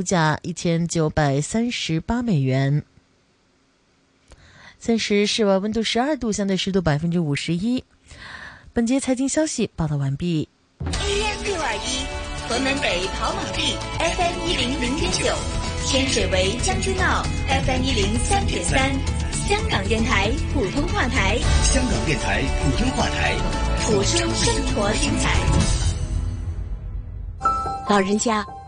書價一千九百三十八美元。現時室外溫度十二度，相對濕度百分之五十一。本節財經消息報道完畢。AM 六二一，河南北跑馬地 FM 一零零點九，9, 天水圍將軍澳 FM 一零三點三，3. 3, 香港電台普通話台，香港電台普通話台，普通話生活精彩。老人家。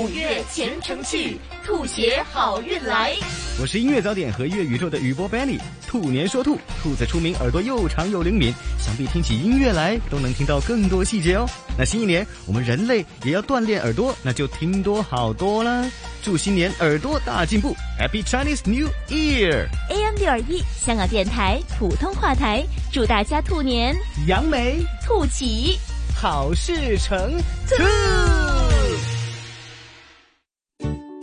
五月前程去，兔血好運來。我是音樂早點和音樂宇宙的宇波 Benny，兔年說兔，兔子出名耳朵又長又靈敏，想必聽起音樂來都能聽到更多細節哦。那新一年我們人類也要鍛煉耳朵，那就聽多好多啦。祝新年耳朵大進步，Happy Chinese New Year！AM 六二一，M e, 香港電台普通話台，祝大家兔年揚眉美兔氣，好事成兔。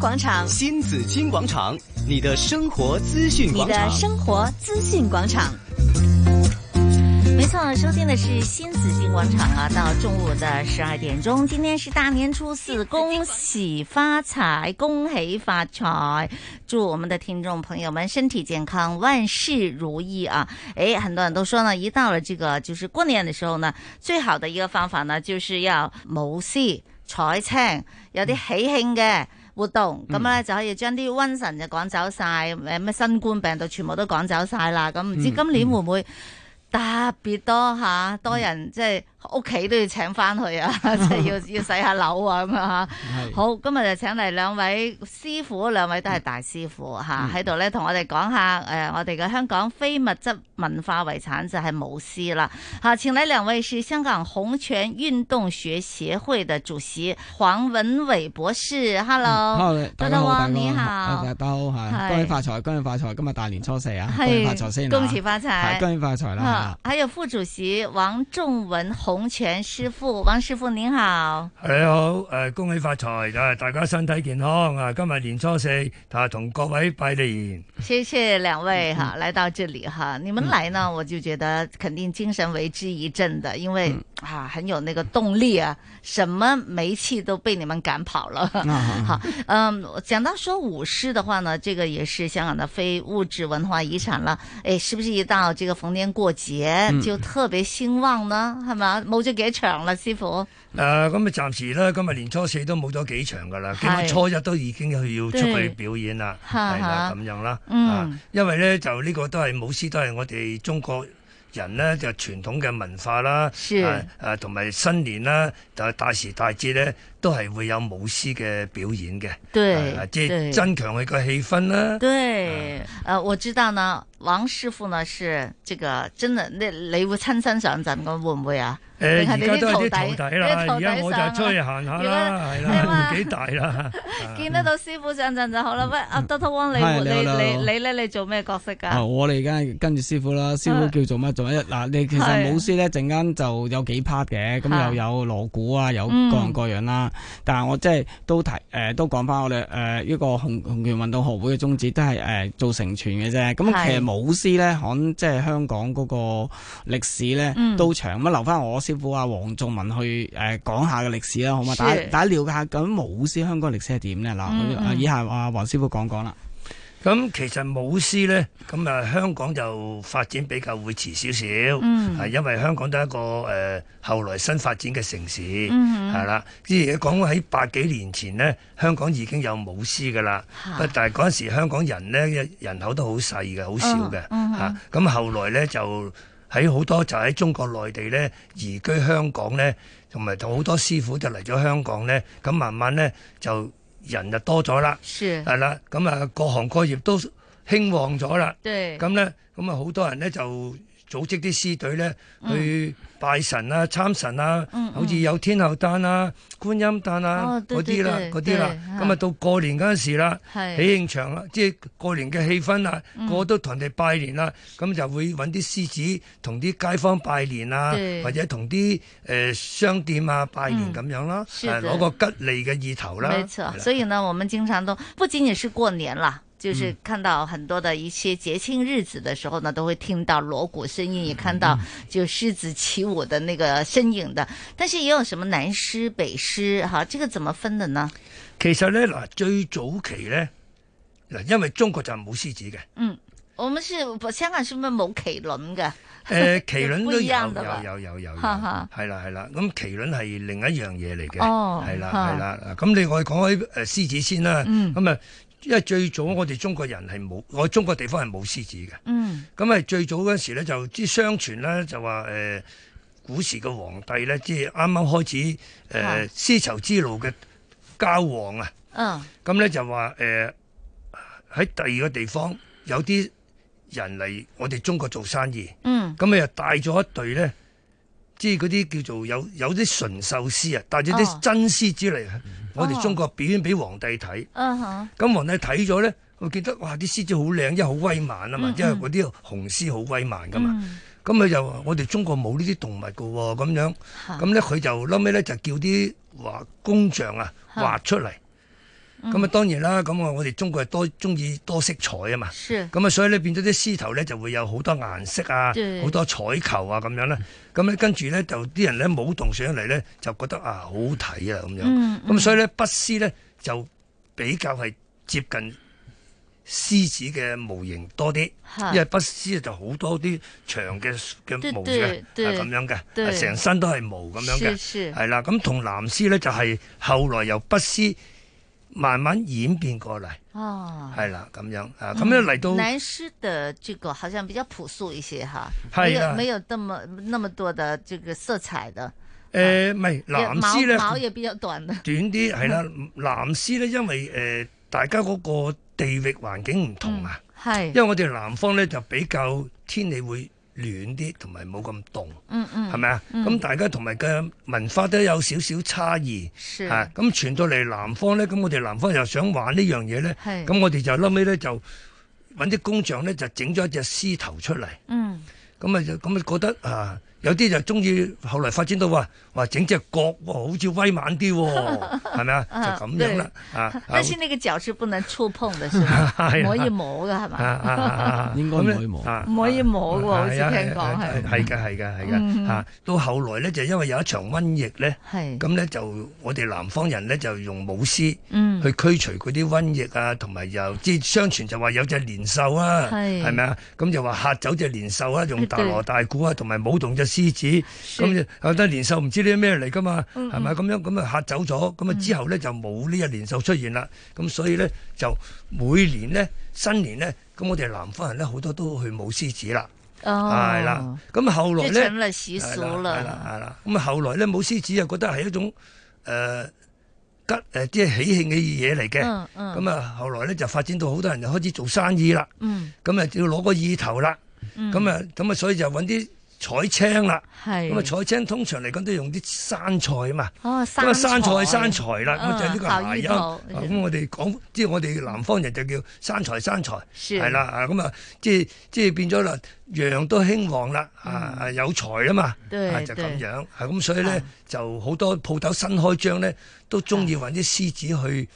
廣場新紫金廣場，你的生活資訊，你的生活資訊廣場，廣場沒錯，收聽的是新紫金廣場啊！到中午的十二點鐘，今天是大年初四，恭喜發財，恭喜發財！祝我們的聽眾朋友們身體健康，萬事如意啊！誒，很多人都說呢，一到了這個就是過年的時候呢，最好的一個方法呢，就是要舞獅、採青，有啲喜慶嘅。活動咁咧就可以將啲瘟神就趕走晒，誒咩新冠病毒全部都趕走晒啦。咁唔知今年會唔會特別多嚇多人，嗯、即係。屋企都要請翻去啊！即係要要洗下樓啊咁啊！ 好，今日就請嚟兩位師傅，兩位都係大師傅嚇，喺度咧同我哋講下誒我哋嘅香港非物質文化遺產就係舞獅啦。哈、啊！請嚟兩位是香港孔雀冤洞學協會嘅主席黃文煒博士。Hello，Hello，你好囉，大家好，係好，是恭喜發財，恭喜發財，今日大年初四啊，恭喜發財先啦，恭喜發財、嗯 嗯，恭喜發財啦嚇。還有副主席王仲文。洪拳師，師傅，王師傅，您好，哎，你好，誒、呃，恭喜發財，啊，大家身體健康，啊，今日年初四，他同各位拜年，謝謝兩位哈，嗯、來到這裏哈，你們來呢，嗯、我就覺得肯定精神為之一振的，因為、嗯、啊，很有那個動力啊，什麼霉氣都被你們趕跑了。嗯、好，嗯，講到說舞獅的話呢，這個也是香港的非物質文化遺產了。誒、哎，是不是一到這個逢年過節就特別興旺呢？係嘛？冇咗幾場啦，師傅。誒、呃，咁、嗯、啊，暫時啦。今日年初四都冇咗幾場噶啦，今日是初一都已經去要出去表演啦。係啊，咁樣啦。嗯，因為咧就呢個都係舞獅，都係我哋中國人咧就傳統嘅文化啦。係誒是，同埋、啊啊、新年啦，就大時大節咧都係會有舞獅嘅表演嘅。對，即係、啊、增強佢個氣氛啦。對，誒、啊，我知道呢。啊王師傅呢？是即個真係，你你會親身上陣嘅會唔會啊？誒，而家都係啲徒弟啦，而家我就出去行下啦，係啦，幾大啦，見得到師傅上陣就好啦。喂，Doctor Wong，你你你你咧，你做咩角色噶？我哋而家跟住師傅啦，師傅叫做乜做一嗱？你其實舞獅咧陣間就有幾 part 嘅，咁又有鑼鼓啊，有各樣各樣啦。但係我即係都提誒，都講翻我哋誒呢個洪洪拳運動學會嘅宗旨，都係誒做成全嘅啫。咁舞獅咧，響即係香港嗰個歷史咧都、嗯、長，咁留翻我師傅啊王仲文去誒、呃、講下嘅歷史啦，好嘛？是大家大家了解下咁舞獅香港歷史係點咧？嗱、嗯，以下阿王師傅講講啦。咁其實舞獅咧，咁啊香港就發展比較會遲少少，係、嗯、因為香港都係一個誒、呃、後來新發展嘅城市，係啦、嗯哼。之前講喺百幾年前咧，香港已經有舞獅噶啦，哈但係嗰陣時香港人咧人口都好細嘅，好少嘅嚇。咁、哦嗯啊、後來咧就喺好多就喺中國內地咧移居香港咧，同埋同好多師傅就嚟咗香港咧，咁慢慢咧就。人就多咗啦，係啦是，咁啊各行各業都興旺咗啦，咁咧對，咁啊好多人咧就。組織啲獅隊咧去拜神啊、參神啊，好似有天后誕啊、觀音誕啊嗰啲啦、嗰啲啦。咁啊到過年嗰陣時啦，喜慶場啦，即係過年嘅氣氛啊，過都同人哋拜年啦，咁就會揾啲獅子同啲街坊拜年啊，或者同啲誒商店啊拜年咁樣咯，攞個吉利嘅意頭啦。冇錯。所以呢，我們經常都不僅僅是過年啦。就是看到很多的一些節慶日子的時候呢，都會聽到鑼鼓聲音，也看到就獅子起舞的那個身影的。但是也有什麼南獅、北獅，哈、啊，這個怎麼分的呢？其實呢，嗱，最早期呢，嗱，因為中國就係冇獅子嘅。嗯，我們是香港，係咪冇麒麟嘅？誒、呃，麒麟都有， 一樣有，有有有有有，係啦係啦。咁麒麟係另一樣嘢嚟嘅，係啦係啦。咁你我講開誒獅子先啦，咁、嗯、啊。嗯因為最早我哋中國人係冇，我中國地方係冇獅子嘅。嗯，咁啊最早嗰時咧就啲相傳咧就話誒、呃，古時嘅皇帝咧，即係啱啱開始誒絲、呃、是綢之路嘅交往啊。嗯、哦，咁咧就話誒喺第二個地方有啲人嚟我哋中國做生意。嗯，咁啊又帶咗一隊咧。即係嗰啲叫做有有啲純獸獅啊，帶住啲真獅子嚟，哦、我哋中國表演俾皇帝睇。咁、哦、皇帝睇咗呢，佢記得哇，啲獅子好靚，因為好威猛啊嘛，嗯嗯因為嗰啲紅獅好威猛噶嘛。咁佢、嗯、就話我哋中國冇呢啲動物噶、哦，咁樣咁呢，佢、嗯、就後屘呢？就叫啲畫工匠啊畫出嚟。嗯嗯咁啊，當然啦，咁啊，我哋中國係多中意多色彩啊嘛。咁啊，所以咧變咗啲獅頭咧就會有好多顏色啊，好多彩球啊咁樣咧。咁咧跟住咧就啲人咧舞動上嚟咧就覺得、哎、好啊好睇啊咁樣。咁所以咧北獅咧就比較係接近獅子嘅模型多啲，因為北獅就好多啲長嘅嘅毛嘅咁樣嘅，成身都係毛咁樣嘅。係啦，咁同南獅咧就係後來由北獅。慢慢演變過嚟，係啦咁樣，咁樣嚟到。嗯、南獅的這個好像比較樸素一些哈，的沒有沒有那麼那麼多的這個色彩的。誒、呃，唔係南獅咧，毛也比較短的。短啲係啦，南獅咧，因為誒、呃、大家嗰個地域環境唔同啊，係、嗯，因為我哋南方咧就比較天氣會暖啲同埋冇咁凍，係咪啊？咁大家同埋嘅文化都有少少差異，係咁是、啊、傳到嚟南方咧。咁我哋南方又想玩呢樣嘢咧，咁是我哋就落尾咧就揾啲工匠咧就整咗一隻獅頭出嚟，咁啊咁啊覺得啊有啲就鍾意，後來發展到話。啊整隻角喎，好似威猛啲喎，係咪啊？就咁樣啦嚇。但係呢個角係不能觸碰嘅，時候，唔可以摸嘅係嘛？應該唔可以摸嘅喎，好似聽講係。係嘅係嘅係嘅。到後來咧就因為有一場瘟疫咧，咁咧就我哋南方人咧就用舞獅去驅除嗰啲瘟疫啊，同埋又即相傳就話有隻年獸啊，係咪啊？咁就話嚇走隻年獸啊，用大鑼大鼓啊，同埋舞動隻獅子，咁覺得年獸唔知咧。咩嚟噶嘛？係咪咁樣咁啊吓走咗？咁啊、嗯、之後咧就冇呢個年獸出現啦。咁、嗯、所以咧就每年咧新年咧，咁我哋南方人咧好多都去舞獅子啦。哦，係啦。咁後來咧，即啦。係啦，係啦。咁啊後來咧舞獅子啊覺得係一種誒、呃、吉誒即係喜慶嘅嘢嚟嘅。嗯咁啊後來咧就發展到好多人就開始做生意啦。嗯。咁啊、嗯、要攞個意頭啦。嗯。咁啊咁啊所以就揾啲。嗯嗯採青啦，咁啊採青通常嚟講都用啲生菜啊嘛，咁啊生菜生財啦，我哋呢個係音，咁我哋講即係我哋南方人就叫生財生財，係啦，咁啊即係即係變咗啦，樣都興旺啦，啊有財啊嘛，就咁樣，咁所以咧就好多鋪頭新開張咧都中意揾啲獅子去。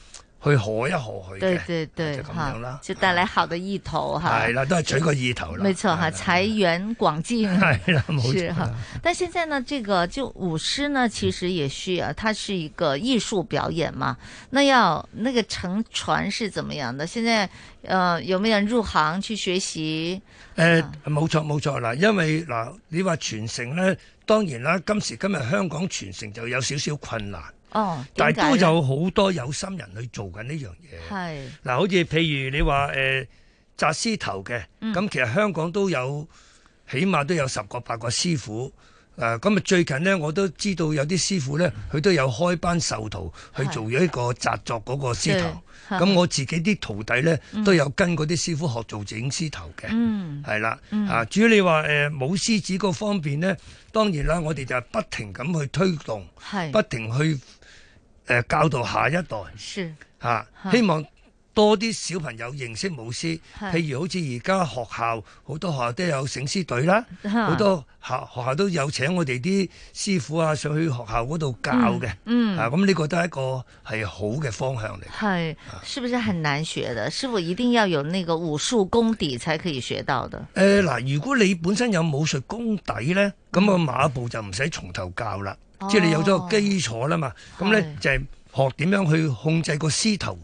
去賀一賀佢嘅，對對對，就咁樣啦，就帶來好的意頭嚇。係啦，都係取個意頭啦。冇錯嚇，財源廣進係啦，冇錯嚇。但現在呢，這個就舞獅呢，其實也需要，它是一個藝術表演嘛。那要那個乘船是怎麼樣的？現在，呃，有冇人入行去學習？誒，冇錯冇錯嗱，因為嗱，你話傳承呢，當然啦，今時今日香港傳承就有少少困難。哦，但係都有好多有心人去做緊呢樣嘢。係嗱是，好似譬如你話誒紮獅頭嘅，咁、嗯、其實香港都有，起碼都有十個八個師傅。誒、呃，咁啊最近呢，我都知道有啲師傅呢，佢都有開班授徒，去做咗一個紮作嗰個獅頭。咁、嗯、我自己啲徒弟呢，都有跟嗰啲師傅學做整獅頭嘅。係啦、嗯，啊、呃，至於你話誒舞獅子嗰方面呢，當然啦，我哋就係不停咁去推動，不停去。誒、呃，教導下一代，吓、啊，希望多啲小朋友認識舞獅。譬是如好似而家學校，好多學校都有醒獅隊啦，好、嗯、多校學校都有請我哋啲師傅啊上去學校嗰度教嘅、啊。嗯，啊，咁呢個都係一個係好嘅方向嚟。係是，啊、是不是很難學的？師傅一定要有那個武術功底才可以學到的。誒，嗱、 呃呃呃，如果你本身有武術功底咧，咁個馬步就唔使從頭教啦。即係你有咗個基礎啦嘛，咁咧就係學點樣去控制個獅頭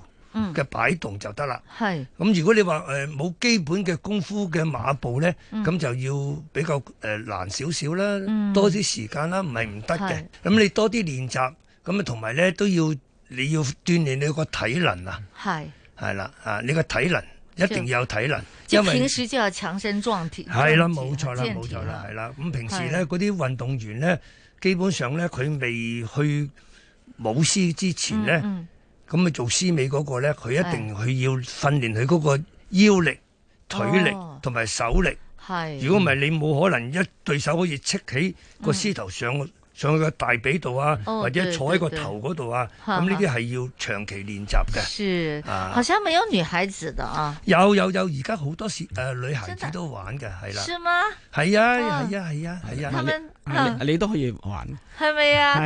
嘅擺動就得啦。係咁如果你話誒冇基本嘅功夫嘅馬步咧，咁就要比較誒難少少啦，多啲時間啦，唔係唔得嘅。咁你多啲練習，咁啊同埋咧都要你要鍛煉你個體能啊。係係啦啊，你個體能一定要有體能，因為平時就要強身壯體。係啦，冇錯啦，冇錯啦，係啦。咁平時咧啲運動員咧。基本上咧，佢未去舞獅之前咧，咁啊、嗯嗯、做獅尾嗰個咧，佢一定佢要訓練佢嗰個腰力、腿力同埋手力。係，如果唔係，你冇可能一對手可以戚起個獅頭上。嗯嗯上個大髀度啊，或者坐喺個頭嗰度啊，咁呢啲係要長期練習嘅。係啊，好像沒有女孩子的啊。有有有，而家好多時誒女孩子都玩嘅，係啦。是嗎？係啊係啊係啊係啊，你都可以玩。係咪啊？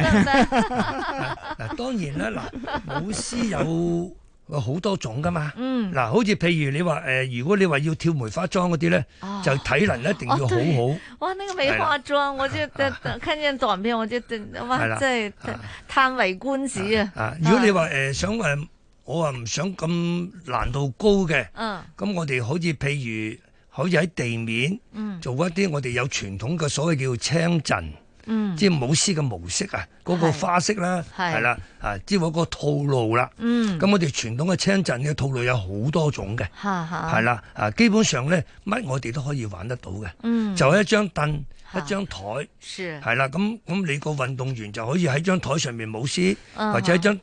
嗱，當然啦，嗱，舞獅有。有好多種噶嘛，嗱、嗯啊，好似譬如你話誒、呃，如果你話要跳梅花樁嗰啲咧，哦、就體能一定要好好。哦、哇！呢、那個梅花樁，我即係睇睇睇見短片，我即係哇，真係嘆為觀止啊！啊啊如果你話誒、呃、想誒，我話唔想咁難度高嘅，咁、啊啊、我哋好似譬如可以喺地面做一啲我哋有傳統嘅所謂叫青陣。嗯，即係舞獅嘅模式啊，嗰個花式啦，啊，係是啦，啊，即係嗰個套路啦，啊。嗯，咁我哋傳統嘅青陣嘅套路有好多種嘅，係、嗯、啦，啊，基本上咧，乜我哋都可以玩得到嘅。嗯，就係一張凳，嗯、一張台，係、嗯、啦。咁咁你個運動員就可以喺張台上面舞獅，嗯、或者一張。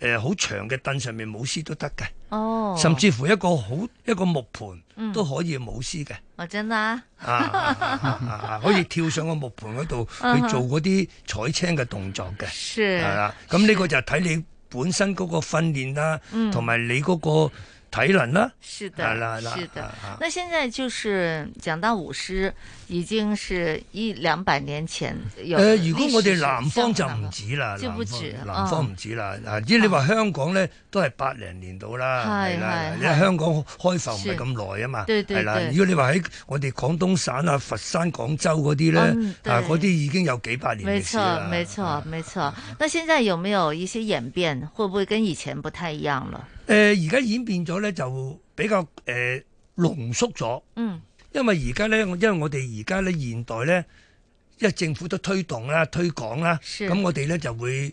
誒，好、呃、長嘅凳上面舞獅都得嘅，哦，甚至乎一個好一個木盤都可以舞獅嘅，嗯、真啊 啊，可以跳上個木盤嗰度去做嗰啲採青嘅動作嘅，係啦是，咁呢是個就睇你本身嗰個訓練啦、啊，同埋是、嗯、你嗰、那個。體能啦，係啦係啦，是的。那現在就是講到舞獅，已經是一兩百年前有。誒，如果我哋南方就唔止啦，南方唔止啦。嗱，如果你話香港咧，都係八零年度啦，係啦。你香港開放唔係咁耐啊嘛，係啦。如果你話喺我哋廣東省啊，佛山、廣州嗰啲咧，啊，嗰啲已經有幾百年嘅事啦。沒錯，沒錯，沒錯。那現在有沒有一些演變？會不會跟以前不太一樣了？誒而家演變咗咧，就比較誒、呃、濃縮咗。嗯，因為而家咧，因為我哋而家咧，現代咧，因為政府都推動啦、推廣啦，咁是我哋咧就會。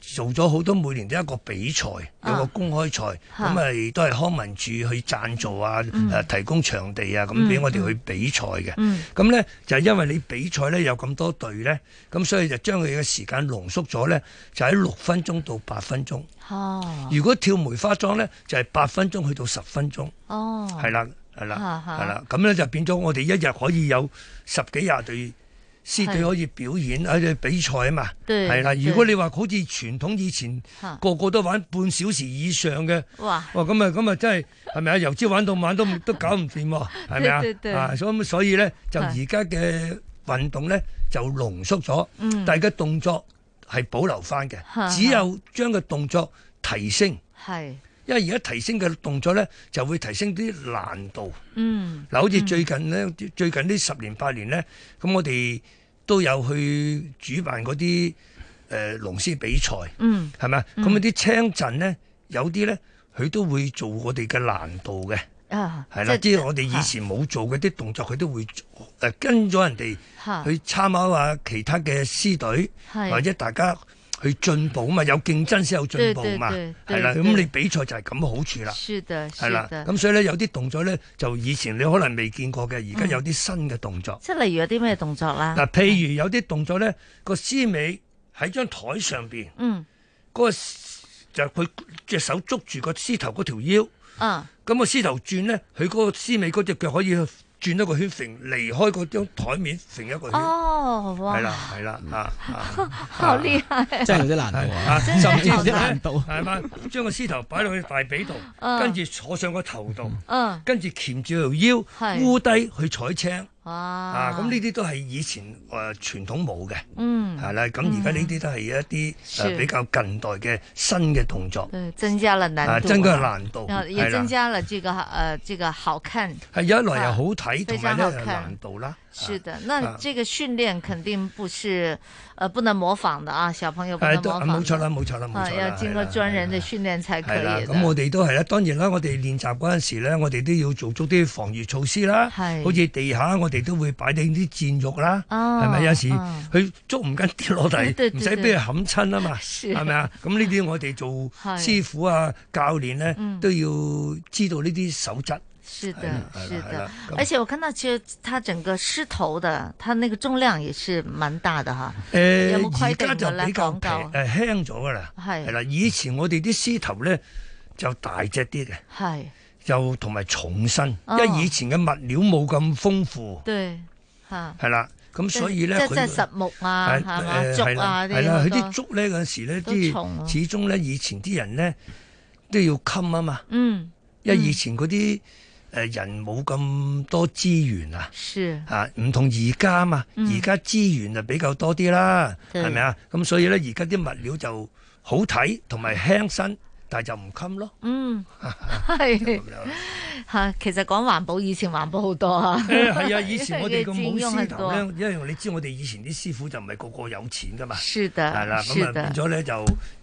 做咗好多每年都一個比賽，有個公開賽，咁亦都係康文署去贊助啊，誒、嗯、提供場地啊，咁俾我哋去比賽嘅。咁咧、嗯嗯、就係、是、因為你比賽咧有咁多隊咧，咁、嗯、所以就將佢嘅時間濃縮咗咧，就喺六分鐘到八分鐘。哦、啊，如果跳梅花樁咧，就係、是、八分鐘去到十分鐘。哦、啊，係啦，係啦，係啦，咁咧就變咗我哋一日可以有十幾廿隊。獅隊可以表演喺度比賽啊嘛，係啦。如果你話好似傳統以前個個都玩半小時以上嘅，哇！咁啊咁啊，真係係咪啊？由朝玩到晚都都搞唔掂，係咪啊？啊，所以咁所以咧，就而家嘅運動咧就濃縮咗，但係嘅動作係保留翻嘅，只有將個動作提升，係，因為而家提升嘅動作咧就會提升啲難度，嗯，嗱，好似最近呢，最近呢十年八年咧，咁我哋。都有去主辦嗰啲誒龍獅比賽，嗯，係咪啊？咁啲、嗯、青陣咧，有啲咧佢都會做我哋嘅難度嘅，啊，係啦的，即係我哋以前冇做嗰啲動作，佢都會誒、呃、跟咗人哋去參考下其他嘅獅隊，啊、或者大家。去進步嘛，有競爭先有進步嘛，係啦。咁你比賽就係咁嘅好處啦。係啦，咁所以咧有啲動作咧就以前你可能未見過嘅，而家有啲新嘅動作。即係例如有啲咩動作啦？嗱、啊，譬如有啲動作咧，個獅尾喺張台上邊，嗯，嗰、個就佢隻手捉住個獅頭嗰條腰，嗯，咁個獅頭轉咧，佢嗰個獅尾嗰隻腳可以，轉一個圈，成離開嗰張台面成一個圈，係啦係啦啊啊！好厲害，真係有啲難度啊！甚至有啲難度，係嘛？將個獅頭擺落去大髀度，跟住坐上個頭度，跟住鉗住條腰，烏低去採青。哇啊！咁呢啲都係以前誒、呃、傳統舞嘅，係啦、嗯。咁而家呢啲都係一啲誒是、呃、比較近代嘅新嘅動作增加難、啊，增加了難度，增加了難度，也增加了這個誒、呃、這個好看。係一來又好睇，同埋呢個難度啦。是的，那這個訓練肯定不是，誒不能模仿的啊，小朋友不能模仿。冇錯啦，冇錯啦，冇錯啦。要經過專人的訓練才可以。係啦，咁我哋都係啦，當然啦，我哋練習嗰陣時咧，我哋都要做足啲防禦措施啦。好似地下我哋都會擺定啲墊褥啦，係咪有時佢捉唔緊跌落嚟，唔使俾佢冚親啊嘛，係咪啊？咁呢啲我哋做師傅啊、教練咧，都要知道呢啲守則。是的，是的，而且我看到其實佢整個獅頭的，佢那個重量也是蠻大的哈。誒，而家就比較平，誒輕咗噶啦。係係啦，以前我哋啲獅頭咧就大隻啲嘅，係又同埋重身，因為以前嘅物料冇咁豐富。對，吓係啦，咁所以咧即係實木啊，係啲竹啊啲咁咯。都重。啲始終咧，以前啲人咧都要襟啊嘛。嗯，因為以前嗰啲。誒，人冇咁多資源啊，嚇唔是、啊、同而家嘛，而家資源就比較多啲啦，係咪啊？咁所以咧，而家啲物料就好睇同埋輕身，但係就唔襟咯。嗯，係嚇哈，是 其實講環保，以前環保好多啊。誒、 欸，係啊，以前我哋咁好師徒咁樣，因為你知我哋以前啲師傅就唔係個個有錢㗎嘛。是係啦，咁啊就變咗咧就。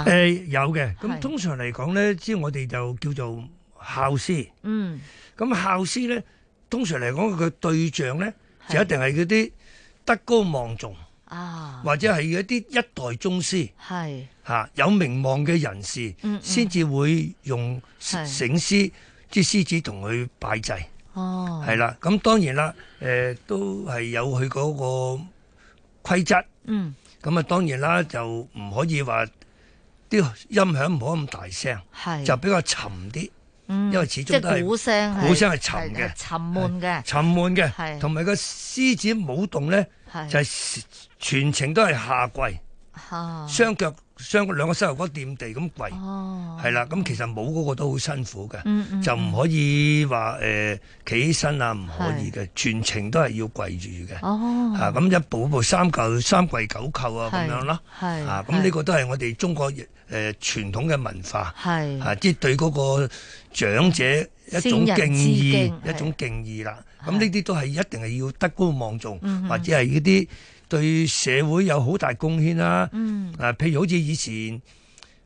誒有嘅，咁通常嚟講咧，即係我哋就叫做孝師。嗯，咁孝師咧，通常嚟講，佢個對象咧就一定係嗰啲德高望重啊，或者係一啲一代宗師，係吓有名望嘅人士，先至會用醒獅即係獅子同佢拜祭。哦，係啦，咁當然啦，誒都係有佢嗰個規則。嗯，咁啊，當然啦，就唔可以話。啲音響唔好咁大聲，是就比較沉啲，嗯，因為始終都係鼓聲，鼓聲係沉嘅是，沉悶嘅，沉悶嘅，同埋個獅子舞動咧是就係全程都係下跪，雙腳是。將兩個膝頭哥掂地咁跪，係啦，咁其實冇嗰個都好辛苦嘅，就唔可以話誒企起身啊，唔可以嘅，全程都係要跪住嘅。哦，嚇咁，一步步，三叩三跪九叩啊咁樣咯，嚇咁，呢個都係我哋中國誒傳統嘅文化，係嚇，即係對嗰個長者一種敬意，一種敬意啦。咁呢啲都係一定係要德高望重，或者係嗰啲。對社會有好大貢獻啦，啊，譬如好似以前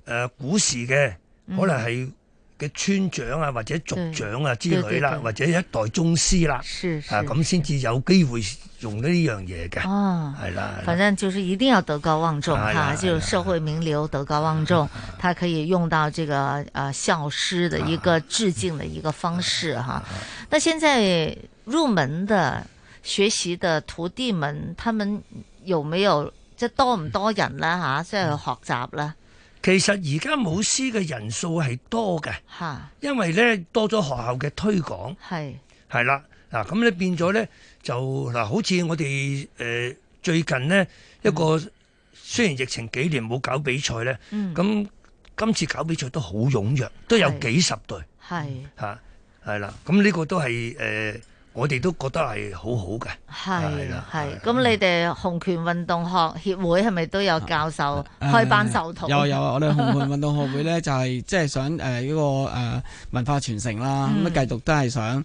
誒古時嘅，可能係嘅村長啊，或者族長啊之類啦，或者一代宗師啦，啊咁先至有機會用呢樣嘢嘅，係啦。反正就是一定要德高望重哈，就社會名流德高望重，他可以用到這個啊孝師的一個致敬的一個方式哈。那現在入門的學習的徒弟們，他們有沒有即係多唔多人咧？吓、啊，即係去學習咧。其實而家舞獅嘅人數係多嘅，吓，因為咧多咗學校嘅推廣，係係啦，嗱咁你變咗咧就嗱，好似我哋誒最近呢一個、嗯、雖然疫情幾年冇搞比賽咧，咁、嗯、今次搞比賽都好踴躍，都有幾十隊，係吓係啦，咁呢、啊這個都係誒。呃我哋都覺得係好好嘅，係係。咁你哋洪拳運動學協會係咪都有教授開班授徒、啊？有有啊！我哋洪拳運動學會呢，就係即係想誒呢個誒文化傳承啦，咁啊 繼續都係想誒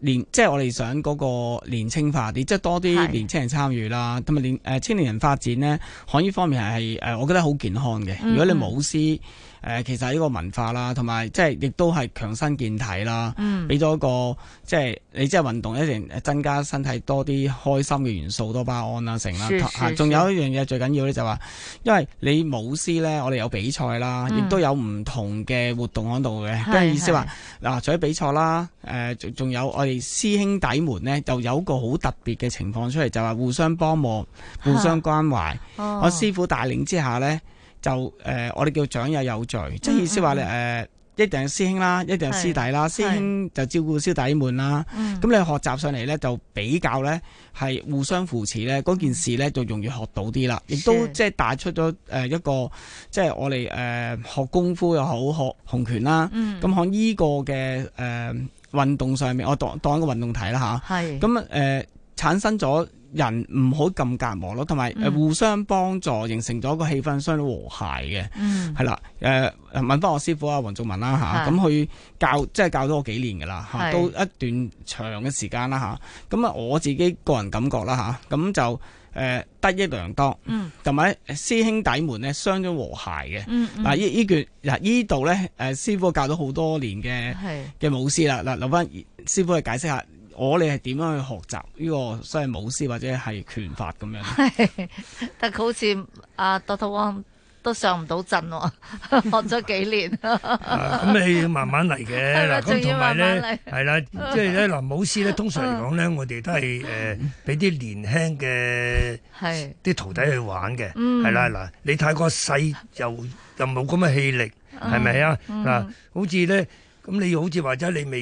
年、呃、即係我哋想嗰個年青化啲，即係多啲年青人參與啦，咁埋是年青年人發展呢？喺呢方面係誒，我覺得好健康嘅。如果你冇師、嗯。誒，其實呢個文化啦，同埋即係亦都係強身健體啦，俾咗個即係你即係運動一定增加身體多啲開心嘅元素，多巴胺啊、成啦，仲有一樣嘢最緊要咧就話，因為你舞獅咧，我哋有比賽啦，亦都有唔同嘅活動喺度嘅，即係意思話嗱，除咗比賽啦，誒，仲仲有我哋師兄弟們咧，就有個好特別嘅情況出嚟，就話互相幫忙、互相關懷，我師傅帶領之下咧。就誒、呃，我哋叫長幼有序，即係、嗯嗯嗯、意思話你誒，一定係師兄啦，一定係師弟啦，師兄就照顧師弟們啦。咁、嗯、你學習上嚟呢，就比較呢係互相扶持呢，嗰、嗯、件事呢就容易學到啲啦。亦都即係帶出咗誒一個，即、呃、係、就是、我哋誒、呃、學功夫又好學洪拳啦。咁喺呢個嘅誒、呃、運動上面，我當當一個運動題啦嚇。咁、啊、誒是、呃、產生咗。人唔好咁隔膜咯，同埋誒互相幫助，形成咗個氣氛相當和諧嘅，係啦、嗯。誒、呃、問翻我師傅啊，王仲文啦嚇，咁、啊、佢、啊啊、教即係教咗我幾年嘅啦，嚇、啊，都一段長嘅時間啦嚇。咁啊，我自己個人感覺啦嚇，咁就誒得益良多，同埋師兄弟們咧相咗和諧嘅。嗱依依段嗱依度咧誒師傅、啊、教咗好多年嘅嘅舞獅啦，嗱留翻師傅去解釋下。我哋係點樣去學習呢？這個即係舞獅或者係拳法咁樣 但係佢好似阿 Doctor Wong 都上唔到陣喎，啊，學咗幾年。咁你慢慢嚟嘅嗱，咁同埋咧係啦，即係咧嗱，舞獅咧通常嚟講咧，我哋都係誒俾啲年輕嘅啲徒弟去玩嘅，係啦嗱，你太過細又又冇咁嘅氣力，係咪啊？嗱，嗯，好似咧。嗯嗯咁你好似話啫，你未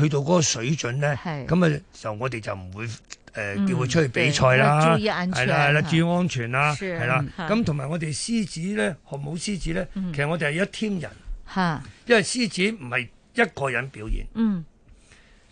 去到嗰個水準咧，咁咪就我哋就唔會誒叫佢出去比賽啦。係啦，係啦，注意安全啦，係啦。咁同埋我哋獅子咧，學舞獅子咧，其實我哋係一 team 人，因為獅子唔係一個人表演，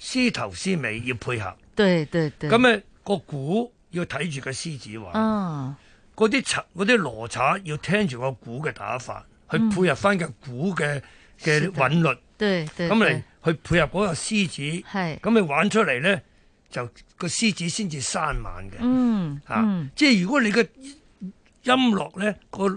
獅頭獅尾要配合。對對、啊嗯嗯嗯、對。咁、嗯、咧個鼓要睇住個獅子話，嗰啲鏟嗰啲螺鏟要聽住個鼓嘅打法，去配合翻個鼓嘅嘅韻律。的咁你去配合嗰個獅子，咁你玩出嚟咧，就個獅子先至生猛嘅。嚇，即係如果你個音樂咧，個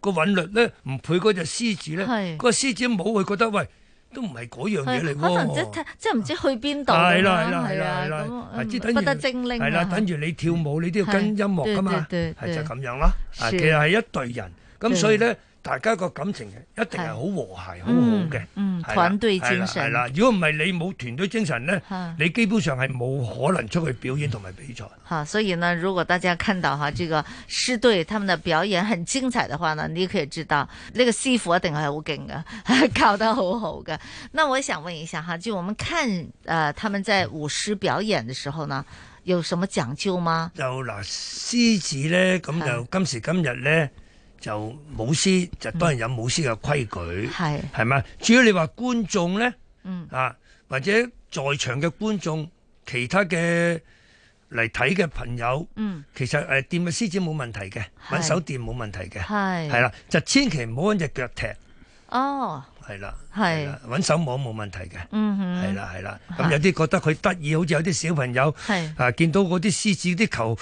個韻律咧唔配嗰隻獅子咧，個獅子冇會覺得喂，都唔係嗰樣嘢嚟。可能即係唔知去邊度啦。係啦係啦係啦係啦。咁不得精靈。係啦，等住你跳舞，你都要跟音樂㗎嘛，係就咁樣啦。其實係一隊人，咁所以咧。大家個感情一定係好和諧，對好好嘅。嗯，啊、團隊精神係啦。如果唔係你冇團隊精神呢，是你基本上係冇可能出去表演同埋比賽。嚇，所以呢，如果大家看到哈，這個師隊他們的表演很精彩的話呢，你可以知道呢，這個師傅一定係好勁㗎，教得好好嘅。那我想問一下哈，就我們看誒、啊、他們在舞獅表演的時候呢，有什麼講究嗎？就嗱，獅子呢，咁就今時今日呢。就舞獅就當然有舞獅嘅規矩，係係嘛。至於你話觀眾咧，嗯啊或者在場嘅觀眾，其他嘅嚟睇嘅朋友，嗯，其實誒掂嘅獅子冇問題嘅，揾手掂冇問題嘅，係係啦，就千祈唔好揾隻腳踢，哦，係啦，係揾手摸冇問題嘅，嗯哼，係啦係啦，咁有啲覺得佢得意，好似有啲小朋友係啊見到嗰啲獅子啲球，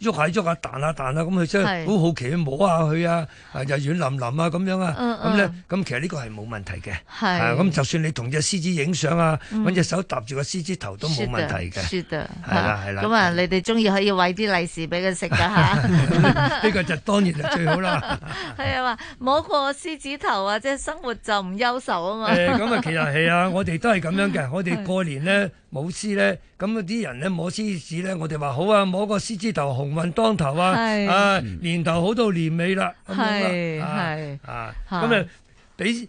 喐下喐下，彈下彈下，咁佢真係好好奇去摸下佢啊！又軟腍腍啊，咁樣啊，咁咧，咁其實呢個係冇問題嘅。係是，咁、啊、就算你同隻獅子影相啊，揾隻、嗯、手搭住個獅子頭都冇問題嘅。係啦，係啦。咁啊，你哋中意可以餵啲利是俾佢食噶嚇。呢個就當然就最好啦。係啊嘛，話摸過獅子頭啊，即、就、係、是、生活就唔憂愁啊嘛。咁 啊、欸，其實係啊，我哋都係咁樣嘅。我哋過年咧，舞獅咧。咁啊啲人咧摸獅子咧，我哋話好啊，摸個獅子頭，鴻運當頭啊！是啊，年頭好到年尾啦，係係是啊，咁是啊俾。啊是嗯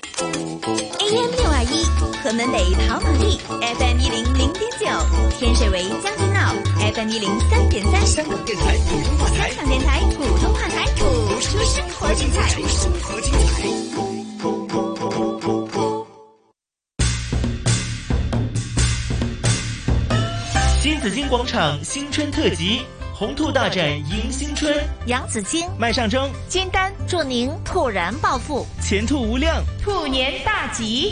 AM 六二一，河門北跑馬地，FM 一零零點九，9，天水圍將軍澳，FM 一零三點三。香港電台普通話台，香港電台普通話台，出生活精彩，出生活精彩。金紫荊廣場新春特輯。紅兔大展迎新春，楊紫晶麥上蒸金丹，祝您兔然暴富，前途無量，兔年大吉。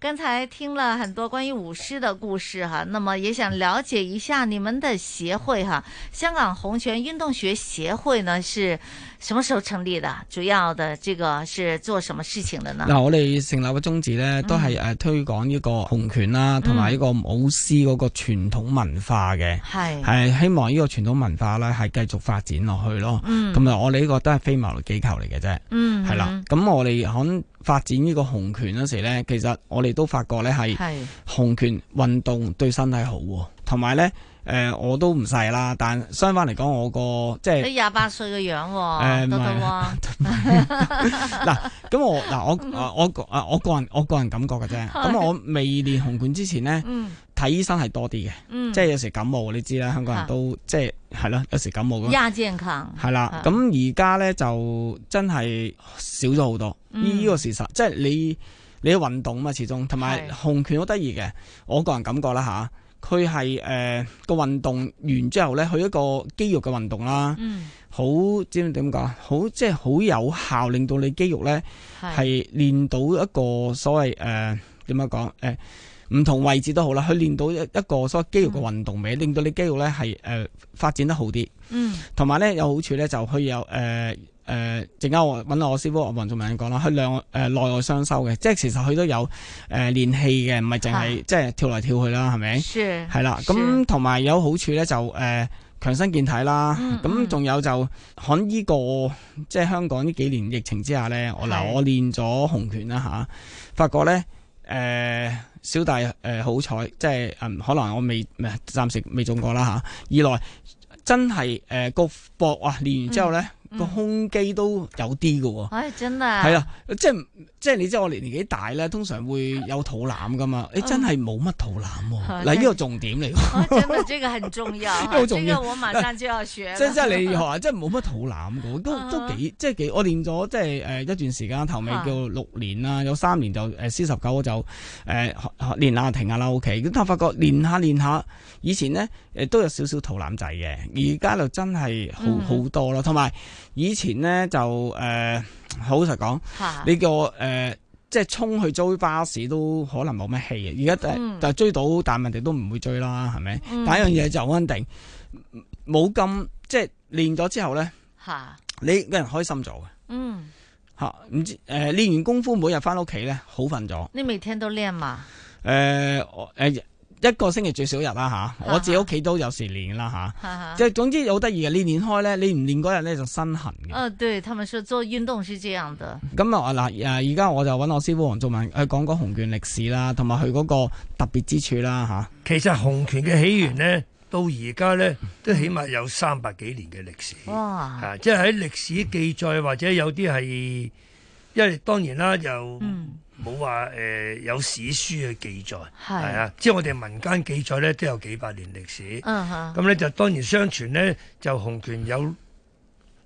剛才聽了很多關於舞獅的故事哈、啊，那麼也想了解一下你們的協會哈、啊，香港洪拳運動學協會呢，是，什麼時候成立的？主要的這個是做什麼事情的呢？嗱，我哋成立嘅宗旨呢，嗯、都係誒推廣呢個洪拳啦、啊，同埋呢個舞獅嗰個傳統文化嘅，係係、嗯嗯嗯、希望呢個傳統文化呢，係繼續發展落去咯。咁啊、嗯，我哋呢個都係非牟利機構嚟嘅啫，係、嗯嗯、啦。咁我哋響發展呢個洪拳嗰時呢，其實我哋都發覺呢，係洪拳運動對身體好、啊，同埋呢。誒，我都唔細啦，但相反嚟講，我個即係你廿八歲嘅樣喎，唔係喎？嗱，咁我嗱我我誒我個人我個人感覺嘅啫。咁我未練紅拳之前咧，睇醫生係多啲嘅，即係有時感冒，你知啦，香港人都即係係咯，有時感冒咁。亞健康係啦，咁而家咧就真係少咗好多呢個事實，即係你你運動啊嘛，始終同埋紅拳好得意嘅，我個人感覺啦吓。佢係誒個運動完之後呢，佢一個肌肉嘅運動啦，好、嗯、知唔點講？好即係好有效，令到你肌肉呢係練到一個所謂誒，點樣講？誒、呃、唔、呃、同位置都好啦，佢練到一一個所謂肌肉嘅運動嘅，令到你肌肉呢係誒、呃、發展得好啲。嗯，同埋呢，有好處呢，就佢有誒。呃誒，陣間、呃、我揾我師傅王仲文講啦，佢兩個誒、呃、內外雙修嘅，即係其實佢都有誒練氣嘅，唔係淨係即係跳嚟跳去啦，係咪？係啦、啊，咁同埋有好處咧，就誒、呃、強身健體啦。咁仲有就喺呢個即係香港呢幾年疫情之下咧，我嗱是我練咗洪拳啦嚇、啊，發覺咧誒、呃、小弟誒好彩，即係嗯、呃、可能我未唔係暫時未中過啦嚇、啊。二來真係誒個膊哇練完之後咧～個、嗯、胸肌都有啲㗎喎，係真啊！係啊，即係即係你知我年紀大咧，通常會有肚腩嘅嘛。你、嗯欸、真係冇乜肚腩喎、啊！嗱、嗯，呢個重點嚟講、啊。真係，呢、這個很重要。呢要 我馬上就要學、啊。即真你學啊！真係冇乜肚腩嘅，都都幾、啊嗯、即係幾。我練咗即係誒、呃、一段時間頭尾叫六年啦，啊、有三年、呃、就誒四十九我就誒練下停下啦。O.K. 咁但係發覺練下練下，以前咧誒都有少少肚腩仔嘅，而家就真係好好多咯，同埋、嗯。嗯以前咧就誒、呃，好實講，哈你叫我誒、呃、即係衝去追巴士都可能冇咩氣嘅。而家就追到，但係問題都唔會追啦，係咪？第、嗯、一樣嘢就安定，冇咁即係練咗之後咧，哈你個人開心咗嘅。嗯，吓唔知誒、呃，練完功夫每日翻屋企咧好瞓咗。你未聽到呢啊嘛？誒誒、呃。呃呃呃呃一個星期最少日啦吓，啊啊、我自己屋企都有時練啦吓，即、啊、係、啊、總之好得意嘅。你練開咧，你唔練嗰日咧，就身痕嘅。啊、呃，對他們說做運動是這樣的。咁、嗯、啊嗱，誒而家我就揾我師傅王仲文去講講洪拳歷史啦，同埋佢嗰個特別之處啦吓。啊、其實洪拳嘅起源呢，到而家咧都起碼有三百幾年嘅歷史。哇！啊、即係喺歷史記載或者有啲係，因為當然啦就。冇話誒有史書嘅記載，係是啊，即係我哋民間記載咧都有幾百年歷史。咁咧、uh huh. 就當然相傳咧，就洪拳有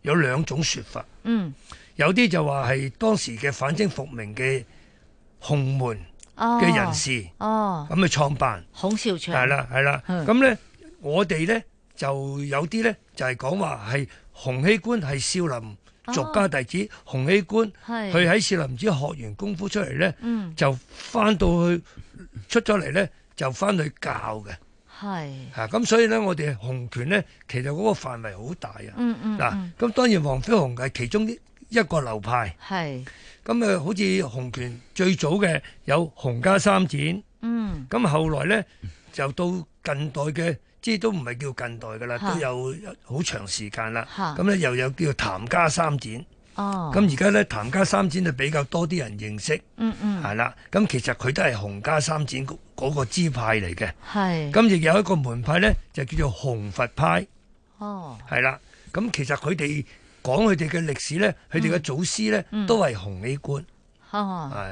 有兩種説法。嗯、uh，huh. 有啲就話係當時嘅反清復明嘅洪門嘅人士。哦、uh，咁、huh. 去創辦。孔少長。係、huh. 啦，係啦。咁咧、uh huh.，我哋咧就有啲咧就係講話係洪熙官係少林俗家弟子洪熙官，佢喺少林寺學完功夫出嚟咧、嗯，就翻到去出咗嚟咧，就翻去教嘅。係是啊，咁所以咧，我哋洪拳咧，其實嗰個範圍好大啊。嗱、嗯，咁、嗯嗯啊、當然黃飛鴻係其中一一個流派。係咁誒，好似洪拳最早嘅有洪家三展。嗯，咁、嗯、後來咧就到。近代嘅，即係都唔係叫近代噶啦，都有好長時間啦。咁咧哈 又有叫譚家三展，咁而家咧譚家三展」就比較多啲人認識，係、嗯嗯、啦。咁其實佢都係洪家三展」嗰個支派嚟嘅。咁亦是 有一個門派咧，就叫做洪佛派，係、哦、啦。咁其實佢哋講佢哋嘅歷史咧，佢哋嘅祖師咧、嗯嗯、都係洪熙官。係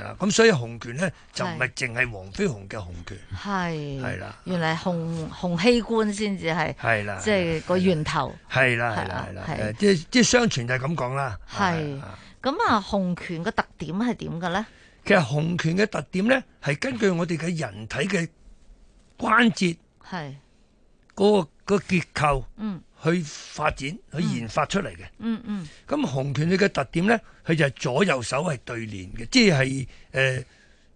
啦，咁所以洪拳咧就唔係淨係黃飛鴻嘅洪拳，係係啦，原嚟洪洪熙官先至係，係啦，即係個源頭，係啦係啦係啦，即係即係相傳就係咁講啦。係咁啊，洪拳嘅特點係點嘅咧？其實洪拳嘅特點咧係根據我哋嘅人體嘅關節係嗰個個結構嗯。去發展，去研發出嚟嘅、嗯。嗯嗯。咁紅拳佢嘅特點咧，佢就係左右手係對練嘅，即係誒，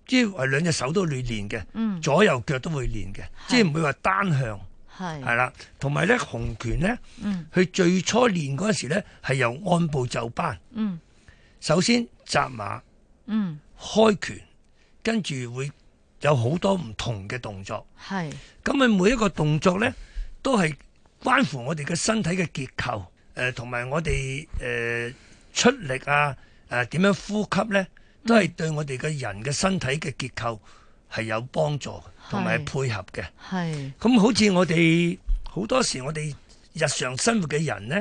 即係兩隻手都會練嘅。嗯。左右腳都會練嘅，即係唔會話單向。係是。係啦，同埋咧，紅拳咧，嗯。佢最初練嗰時咧，係由按部就班。嗯。首先扎馬。嗯。開拳，跟住會有好多唔同嘅動作。係是。咁佢，每一個動作咧，都係。關乎我哋嘅身體嘅結構，誒同埋我哋誒、呃、出力啊，誒、呃、點樣呼吸咧，都係對我哋嘅人嘅身體嘅結構係有幫助同埋配合嘅。係。咁、嗯、好似我哋好多時我哋日常生活嘅人咧，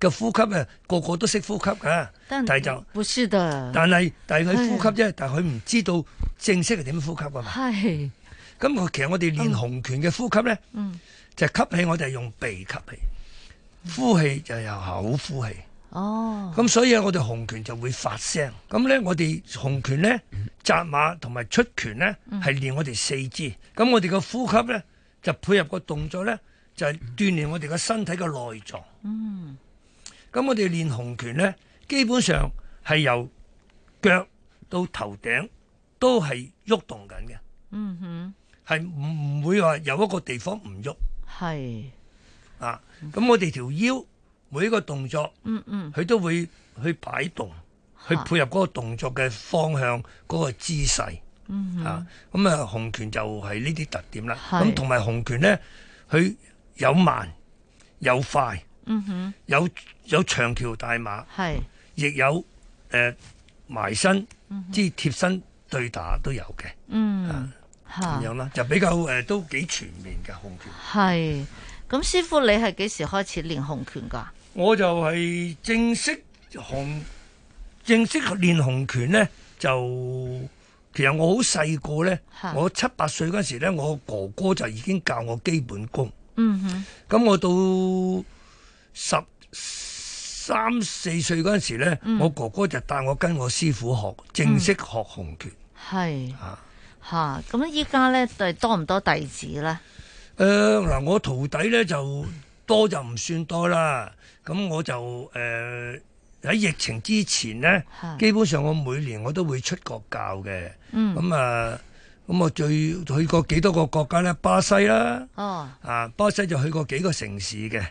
嘅、嗯、呼吸啊，個個都識呼吸㗎，但係就不是的。但係但係佢呼吸啫，是但係佢唔知道正式係點呼吸啊嘛。係。咁其實我哋練洪拳嘅呼吸咧。嗯。嗯就吸氣，我哋係用鼻吸氣；呼氣就由口呼氣。哦，咁所以我哋洪拳就會發聲。咁咧，我哋洪拳咧，紮馬同埋出拳咧，係練我哋四肢。咁我哋個呼吸咧，就配合個動作咧，就係鍛煉我哋個身體個內臟。嗯，咁我哋練洪拳咧，基本上係由腳到頭頂都係喐動緊嘅。嗯哼，係唔唔會話有一個地方唔喐。係是啊，咁我哋條腰每一個動作，嗯嗯，佢、嗯、都會去擺動，去配合嗰個動作嘅方向，嗰個姿勢，嗯咁啊，洪拳就係呢啲特點啦。咁同埋洪拳咧，佢有慢有快，嗯哼、嗯，有有長條大馬，係是，亦、嗯嗯、有誒、呃、埋身即係貼身對打都有嘅、啊嗯嗯，嗯。咁樣啦，就比較誒、呃、都幾全面嘅洪拳。係，咁師傅你係幾時開始練洪拳噶？我就係正式洪，正式練洪拳咧，就其實我好細個咧，是我七八歲嗰時咧，我哥哥就已經教我基本功。嗯哼。咁我到十三四歲嗰時咧，嗯、我哥哥就帶我跟我師傅學正式學洪拳。係、嗯。啊。嚇！咁依家咧，誒多唔多弟子咧？誒嗱、呃，我徒弟咧就多就唔算多啦。咁我就誒喺、呃、疫情之前咧，啊、基本上我每年我都會出國教嘅。咁、嗯、啊，咁我最去過幾多個國家咧？巴西啦。哦。啊，巴西就去過幾個城市嘅。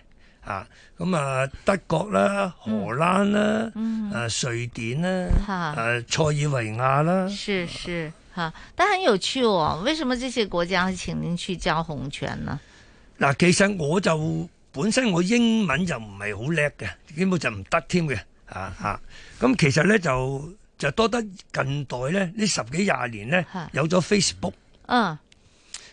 啊。咁啊，德國啦、荷蘭啦、誒、嗯啊、瑞典啦、誒、啊啊、塞爾維亞啦。是是。啊啊吓，但係很有趣哦。為什麼這些國家請您去教洪拳呢？嗱，其實我就本身我英文就唔係好叻嘅，基本就唔得添嘅，啊啊！咁、嗯、其實咧就就多得近代咧呢十幾廿年咧有咗 Facebook，啊，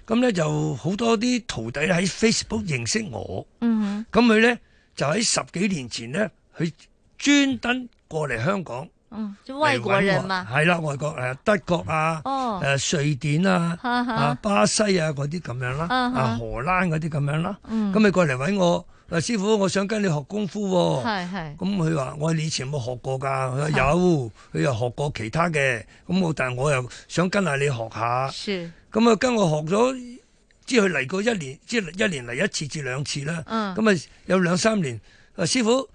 咁咧就好多啲徒弟喺 Facebook 認識我，嗯咁佢咧就喺十幾年前咧，佢專登過嚟香港。嗯，就外國人嘛，係啦、啊，外國誒，德國啊，誒、哦，瑞典啊，啊，巴西啊，嗰啲咁樣啦，啊，啊哈荷蘭嗰啲咁樣啦、啊，咁你過嚟搵我，誒，師傅，我想跟你學功夫喎、哦，咁佢話我以前冇學過噶，佢話有，佢又學過其他嘅，咁我但係我又想跟下你學下，咁啊是跟我學咗，即係佢嚟過一年，即係一年嚟一,一次至兩次啦，咁啊、嗯、有兩三年，誒，師傅，誒、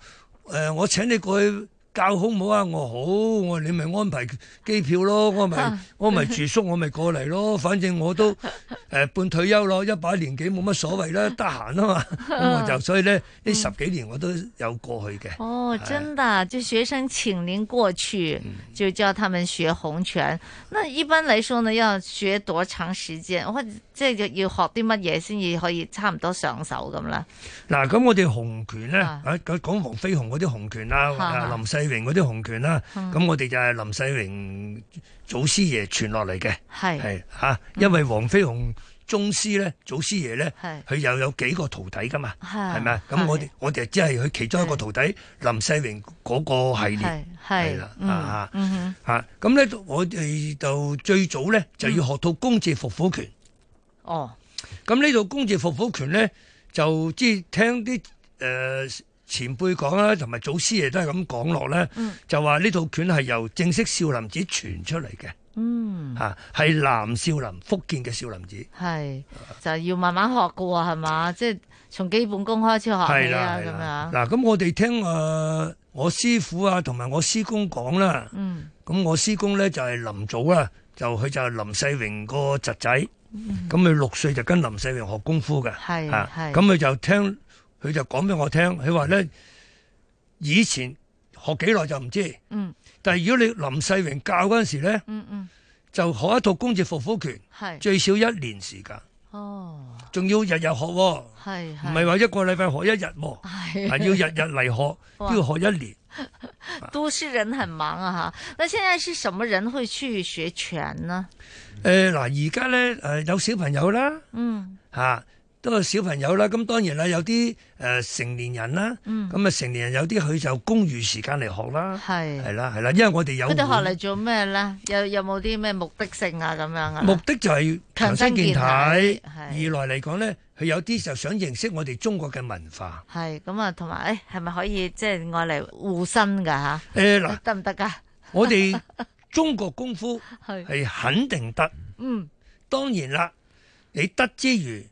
呃，我請你過去。教好唔好啊？我好，我你咪安排機票咯，我咪我咪住宿，我咪過嚟咯。反正我都誒半退休咯，一把年紀冇乜所謂啦，得閒啊嘛。咁我就所以咧，呢十幾年我都有過去嘅。哦，真的，就學生請您過去，就教佢哋學洪拳。那一般嚟說呢，要學多長時間？或者即係要學啲乜嘢先至可以差唔多上手咁啦？嗱、啊，咁我哋洪拳咧，誒、啊、講講黃飛鴻嗰啲洪拳啊，啊，林世榮嗰啲洪拳啦，咁我哋就係林世榮祖師爺傳落嚟嘅，係係吓，因為黃飛鴻宗師咧，祖師爺咧，佢又有幾個徒弟噶嘛，係咪啊？咁我哋我哋即係佢其中一個徒弟林世榮嗰個系列係啦，啊，吓咁咧，我哋就最早咧就要學到工字伏虎拳。哦，咁呢度工字伏虎拳咧，就即係聽啲誒。前輩講啦，同埋祖師亦都係咁講落咧，就話呢套拳係由正式少林寺傳出嚟嘅，嚇係南少林福建嘅少林寺。係就要慢慢學㗎喎，係嘛？即係從基本功開始學起啊咁樣。嗱，咁我哋聽誒我師傅啊，同埋我師公講啦。咁我師公咧就係林祖啦，就佢就係林世榮個侄仔。咁佢六歲就跟林世榮學功夫㗎。係，咁佢就聽。佢就講俾我聽，佢話咧以前學幾耐就唔知，嗯、但係如果你林世榮教嗰陣時咧，嗯嗯、就學一套工字伏虎拳，是最少一年時間，仲、哦、要日日學、哦，唔係話一個禮拜學一日，係是、啊、要日日嚟學，都哇要學一年。都市人很忙啊，吓！那現在是什麼人會去學拳呢？誒、嗯，嗱、嗯，而家咧誒有小朋友啦，吓、嗯。嗯個小朋友啦，咁當然啦，有啲誒成年人啦，咁啊成年人有啲佢就公餘時間嚟學啦，係，係啦，係啦，因為我哋有佢哋學嚟做咩咧？有有冇啲咩目的性啊？咁樣啊？目的就係強身健體，二來嚟講咧，佢有啲就想認識我哋中國嘅文化，係咁啊，同埋誒，係咪可以即係愛嚟護身噶吓？誒嗱，得唔得噶？我哋中國功夫係係肯定得，嗯，當然啦，你得之餘。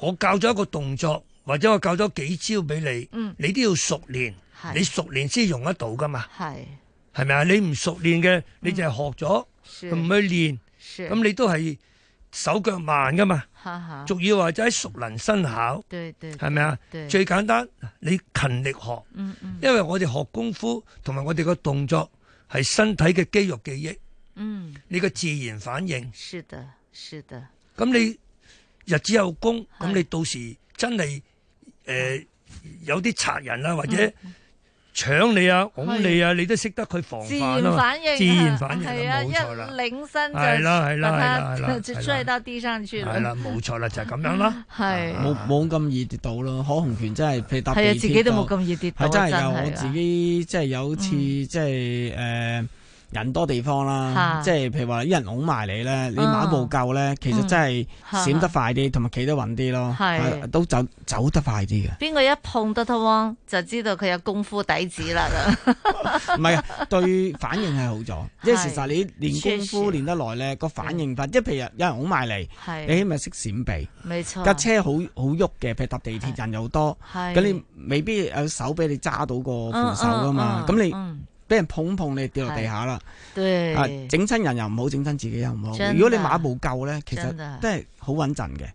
我教咗一個動作，或者我教咗幾招俾你，嗯，你都要熟練，你熟練先用得到噶嘛？係，係咪啊？你唔熟練嘅，你就係學咗，唔去練，咁你都係手腳慢噶嘛？仲要或者喺熟能生巧，對對，係咪啊？最簡單，你勤力學，因為我哋學功夫同埋我哋個動作係身體嘅肌肉記憶，你個自然反應。是的，是的。咁你。日子有功，咁你到時真係誒有啲賊人啊，或者搶你啊、拱你啊，你都識得佢防範嘛，自然反應。自然反應啦，係啊，一領身就係啦，係啦，係啦，係啦，摔到地上去啦。係啦，冇錯啦，就係咁樣啦。係冇冇咁易跌倒咯？可洪拳真係，譬如搭地鐵，自己都冇咁易跌倒。係真係，由我自己即係有次即係誒。人多地方啦，即係譬如話啲人拱埋你咧，你馬步夠咧，其實真係閃得快啲，同埋企得穩啲咯，都走走得快啲嘅。邊個一碰得得喎，就知道佢有功夫底子啦。唔係啊，對反應係好咗，即係事實你練功夫練得耐咧，個反應快，即係譬如有人拱埋嚟，你起碼識閃避。沒錯，架車好好喐嘅，譬如搭地鐵人又多，咁你未必有手俾你揸到個扶手噶嘛，咁你。俾人碰一碰你跌落地下啦，對啊整親人又唔好，整親自己又唔好。的如果你馬步夠咧，其實都係好穩陣嘅。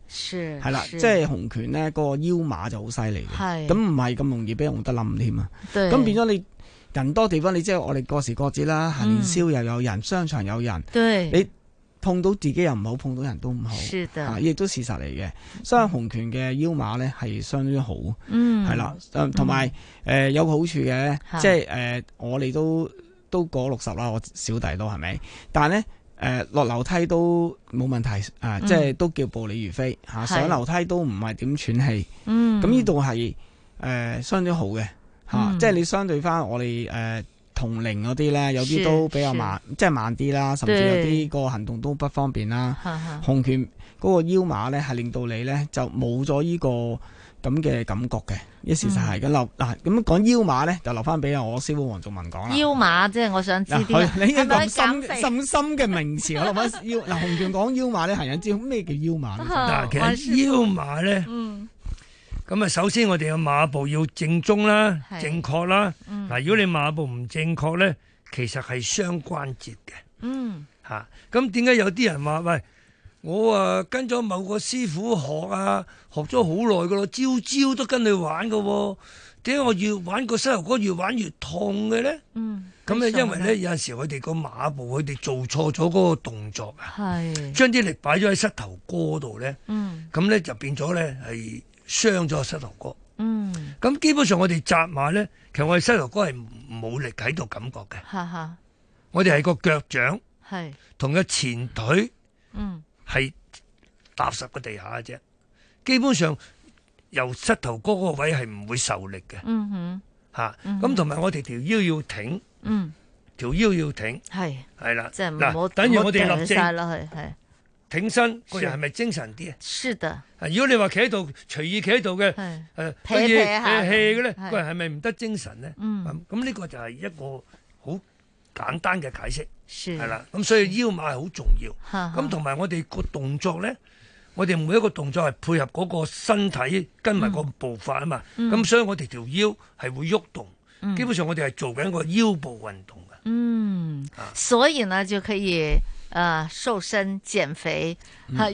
係的是啦，是即係洪拳咧、那個腰馬就好犀利嘅，咁唔係咁容易俾人得冧添啊。咁對變咗你人多地方，你即係我哋各時各節啦，行年宵又有人，嗯、商場有人，對你。碰到自己又唔好，碰到人都唔好，亦都的、啊、事實嚟嘅。所以洪拳嘅腰馬咧係相當好，係啦、嗯，同埋誒有個好處嘅，的即係誒、呃、我哋都都過六十啦，我小弟都係咪？但係咧誒落樓梯都冇問題啊，即係都叫步履如飛嚇，啊、的上樓梯都唔係點喘氣。咁呢度係誒相當好嘅嚇、啊，即係你相對翻我哋誒。紅零嗰啲咧，有啲都比較慢，即係慢啲啦，甚至有啲個行動都不方便啦。洪拳嗰個腰馬咧，係令到你咧就冇咗依個咁嘅感覺嘅，一事實係咁落嗱。咁講腰馬咧，就留翻俾我師傅王仲文講啦。腰馬即係我想知點解減肥。深深深嘅名詞，我留翻腰。嗱，洪拳講腰馬咧，係想知道咩叫腰馬先得嘅。其實腰馬咧。咁啊，首先我哋嘅馬步要正宗啦、正確啦。嗱，如果你馬步唔正確咧，其實係相關節嘅。嗯，嚇，咁點解有啲人話喂，我啊跟咗某個師傅學啊，學咗好耐嘅咯，朝朝都跟你玩嘅喎，點解我越玩個膝頭哥越玩越痛嘅咧？嗯，咁咧因為咧有陣時佢哋個馬步佢哋做錯咗嗰個動作啊，係將啲力擺咗喺膝頭哥度咧，嗯，咁咧就變咗咧係。傷咗膝頭哥。嗯，咁基本上我哋扎馬咧，其實我哋膝頭哥係冇力喺度感覺嘅。哈哈，我哋係個腳掌，係同個前腿，嗯，係踏實個地下啫。基本上由膝頭哥個位係唔會受力嘅。嗯哼，吓，咁同埋我哋條腰要挺，嗯，條腰要挺，係係啦，即係唔好，等於我哋立正落去，係。挺身，個人係咪精神啲啊？是的。如果你話企喺度隨意企喺度嘅，誒，撇撇下嘅咧，個人係咪唔得精神咧？咁咁呢個就係一個好簡單嘅解釋，係啦。咁所以腰馬係好重要，咁同埋我哋個動作咧，我哋每一個動作係配合嗰個身體跟埋個步伐啊嘛。咁所以我哋條腰係會喐動，基本上我哋係做緊個腰部運動嘅。嗯，所以呢就可以。啊，瘦身、減肥，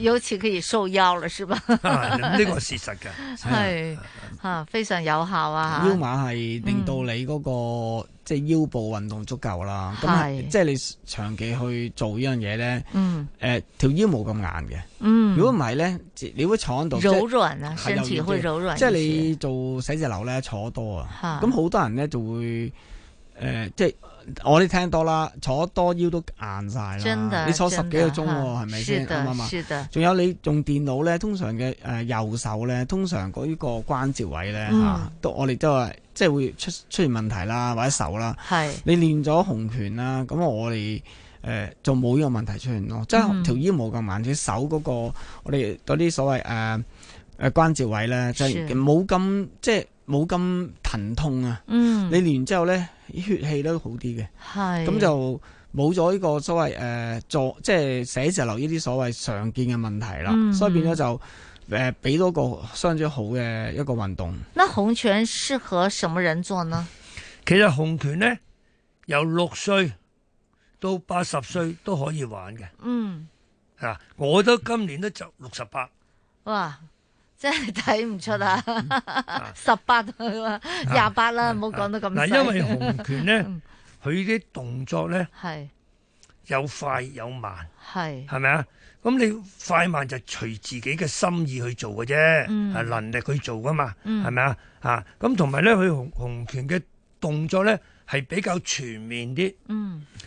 尤其可以瘦腰了，是吧？呢個係事實嘅，係吓非常有效啊！腰馬係令到你嗰個即係腰部運動足夠啦。咁係即係你長期去做呢樣嘢咧，誒條腰冇咁硬嘅。如果唔係咧，你會坐喺度柔軟啊，身體會柔軟。即係你做寫字樓咧坐多啊，咁好多人咧就會誒即係。我哋聽多啦，坐多腰都硬晒啦。真的你坐十幾個鐘喎，係咪先？啱啊，仲有你用電腦咧，通常嘅誒右手咧，通常嗰個關節位咧嚇、嗯啊，都我哋都係即係會出出現問題啦，或者手啦。係是你練咗紅拳啦，咁我哋誒、呃、就冇呢個問題出現咯。嗯、即係條腰冇咁硬，隻手嗰、嗰個我哋嗰啲所謂誒誒、呃呃、關節位咧，就冇、是、咁即係。冇咁疼痛啊！嗯、你練完之後咧，血氣都好啲嘅，咁是就冇咗呢個所謂誒助，即係寫字樓呢啲所謂常見嘅問題啦，嗯、所以變咗就誒俾、呃、多個相當好嘅一個運動。那洪拳適合什麼人做呢？其實洪拳咧，由六歲到八十歲都可以玩嘅。嗯，嗱，我都今年都就六十八。哇！真係睇唔出，嗯，啊！十八,十八啊嘛，廿八啦，唔好講得咁。嗱，因為洪拳咧，佢啲 動作咧，是有快有慢，係是，係咪啊？咁你快慢就隨自己嘅心意去做嘅啫，係，嗯，能力去做噶嘛，係咪啊？啊，咁同埋咧，佢洪洪拳嘅動作咧。係比較全面啲，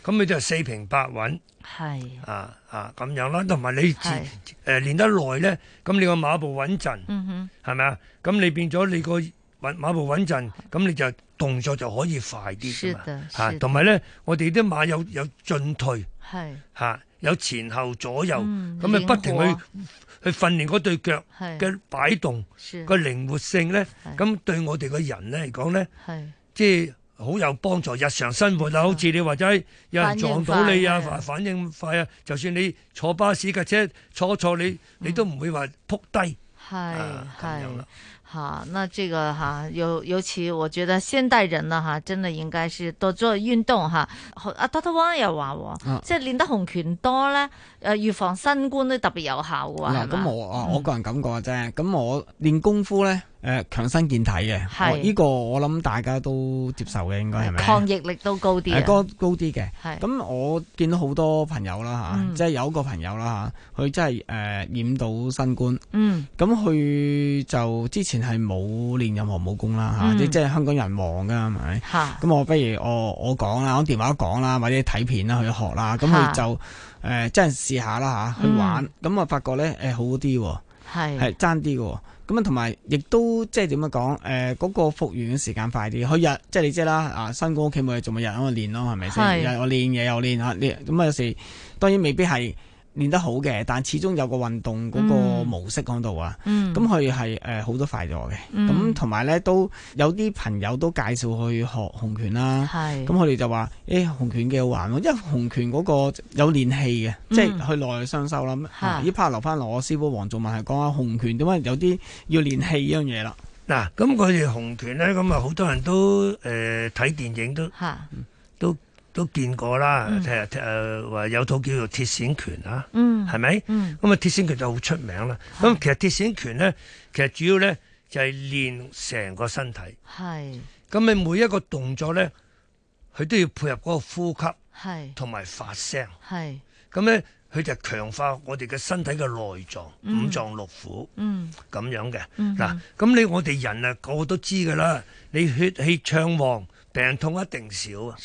咁你就四平八穩，啊啊咁樣啦。同埋你自誒練得耐咧，咁你個馬步穩陣，係咪啊？咁你變咗你個馬步穩陣，咁你就動作就可以快啲嘛。嚇，同埋咧，我哋啲馬有有進退，嚇，有前後左右，咁你不停去去訓練嗰對腳嘅擺動，個靈活性咧，咁對我哋個人咧嚟講咧，即係。好有幫助日常生活啊！好似你話齋有人撞到你啊，反應快啊是！就算你坐巴士架車坐坐你，嗯、你都唔會話撲低。係係是，好啦、啊，好，嗱，呢個哈，尤尤其，我覺得現代人呢，哈、啊，真係應該是多做運動嚇。阿 Doctor Wong 又話，即係練得洪拳多咧，誒，預防新冠都特別有效喎。嗱、啊，咁吧我啊，我個人感覺啫，咁我練功夫咧。嗯誒，強、呃、身健體嘅，呢個我諗大家都接受嘅，應該係咪？抗疫力都高啲、呃，高高啲嘅。咁、嗯、我見到好多朋友啦，吓，即係有一個朋友啦，吓，佢真係誒染到新冠，嗯，咁佢就之前係冇練任何武功啦，吓、嗯，即係香港人忙噶，係咪？咁我不如說我我講啦，講電話講啦，或者睇片啦，去學啦，咁佢就誒真係試下啦，吓，去玩，咁啊發覺咧，誒好啲，係係爭啲嘅。咁啊，同埋亦都即係點樣講？誒，嗰個復原嘅時間快啲，去日即係你知啦，啊，新哥屋企咪仲咪日喺度練咯，係咪先？我練是日我練嘢又練啊，練咁啊，有時當然未必係。練得好嘅，但始終有個運動嗰個模式喺度啊。咁佢係誒好多快咗嘅。咁同埋咧，都有啲朋友都介紹去學紅拳啦。咁佢哋就話，誒、欸，紅拳幾好玩，因為紅拳嗰個有練氣嘅，嗯、即係佢內外雙修啦。依 p a 留翻落我師傅黃仲文係講下紅拳點解有啲要練氣呢樣嘢啦。嗱，咁佢哋紅拳咧，咁啊好多人都誒睇、呃、電影都、嗯、都。都都見過啦，誒誒話有套叫做鐵線拳啊，係咪？咁啊鐵線拳就好出名啦。咁其實鐵線拳咧，其實主要咧就係練成個身體。係。咁你每一個動作咧，佢都要配合嗰個呼吸，係，同埋發聲，係。咁咧，佢就強化我哋嘅身體嘅內臟、五臟六腑，嗯，咁樣嘅。嗱，咁你我哋人啊，個個都知㗎啦，你血氣暢旺。病痛一定少啊！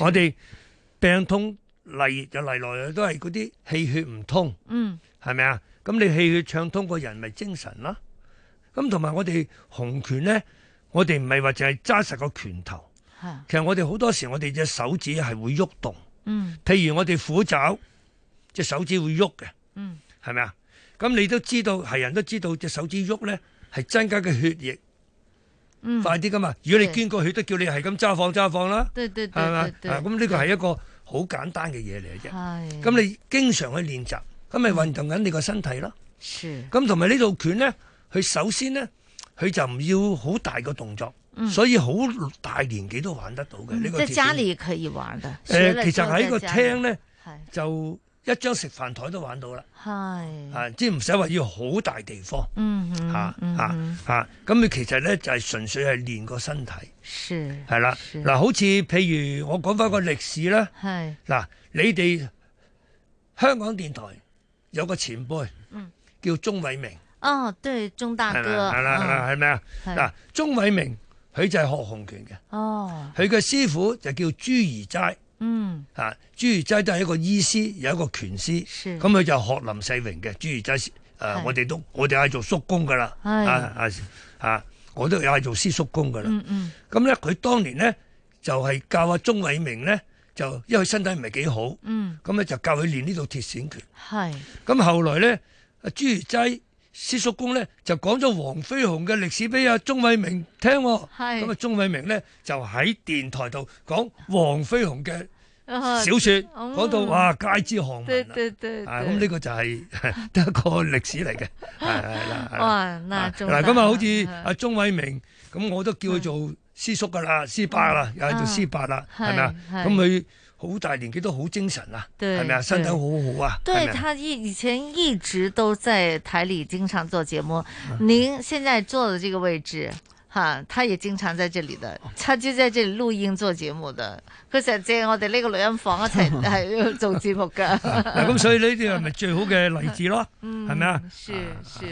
我哋病痛嚟就嚟來，都係嗰啲氣血唔通，嗯，係咪啊？咁你氣血暢通，個人咪精神啦。咁同埋我哋紅拳呢，我哋唔係話淨係揸實個拳頭，是其實我哋好多時我哋隻手指係會喐動，嗯，譬如我哋虎爪，隻手指會喐嘅，嗯，係咪啊？咁你都知道，係人都知道隻手指喐呢係增加嘅血液。快啲噶嘛！如果你捐過去，都叫你係咁揸放揸放啦，係嘛？咁呢個係一個好簡單嘅嘢嚟嘅啫。咁你經常去練習，咁咪運動緊你個身體咯。咁同埋呢套拳咧，佢首先咧，佢就唔要好大嘅動作，所以好大年紀都玩得到嘅。呢個在家裏可以玩噶。誒，其實喺個廳咧就。一張食飯台都玩到啦，係啊，即係唔使話要好大地方，吓吓吓。咁你其實咧就係純粹係練個身體，係啦，嗱，好似譬如我講翻個歷史啦，嗱，你哋香港電台有個前輩，叫鍾偉明，哦，對，鍾大哥，係啦係咪啊？嗱，鍾偉明佢就係學洪拳嘅，哦，佢嘅師傅就叫朱愚齋。嗯，啊是，朱如齋都係一個醫師，有一個拳師，咁佢就學林世榮嘅朱如齋，誒，我哋都我哋嗌做叔公噶啦，啊啊啊，我都嗌做師叔公噶啦，咁咧佢當年咧就係教阿鍾偉明咧，就因為佢身體唔係幾好，咁咧就教佢練呢套鐵線拳，咁後來咧阿朱如齋。施叔公咧就講咗黃飛鴻嘅歷史俾阿鍾偉明聽，啊，咁啊鍾偉明咧就喺電台度講黃飛鴻嘅小說，講、啊嗯、到哇，佳之翰文啊，咁呢個就係一個歷史嚟嘅，係係啦，嗱咁、哦、啊好似阿鍾偉明，咁我都叫佢做施叔噶啦，施伯啦，又係做施伯啦，係咪啊？咁佢。好大年紀都好精神啊，對，係咪啊？身體好好啊！對，是是他以以前一直都在台裏經常做節目，嗯、您現在坐的這個位置，哈，他也經常在這裏的，他就在這裏錄音做節目的。佢成日借我哋呢個錄音房一齊係做節目嘅。咁所以呢啲係咪最好嘅例子咯？係咪啊？係係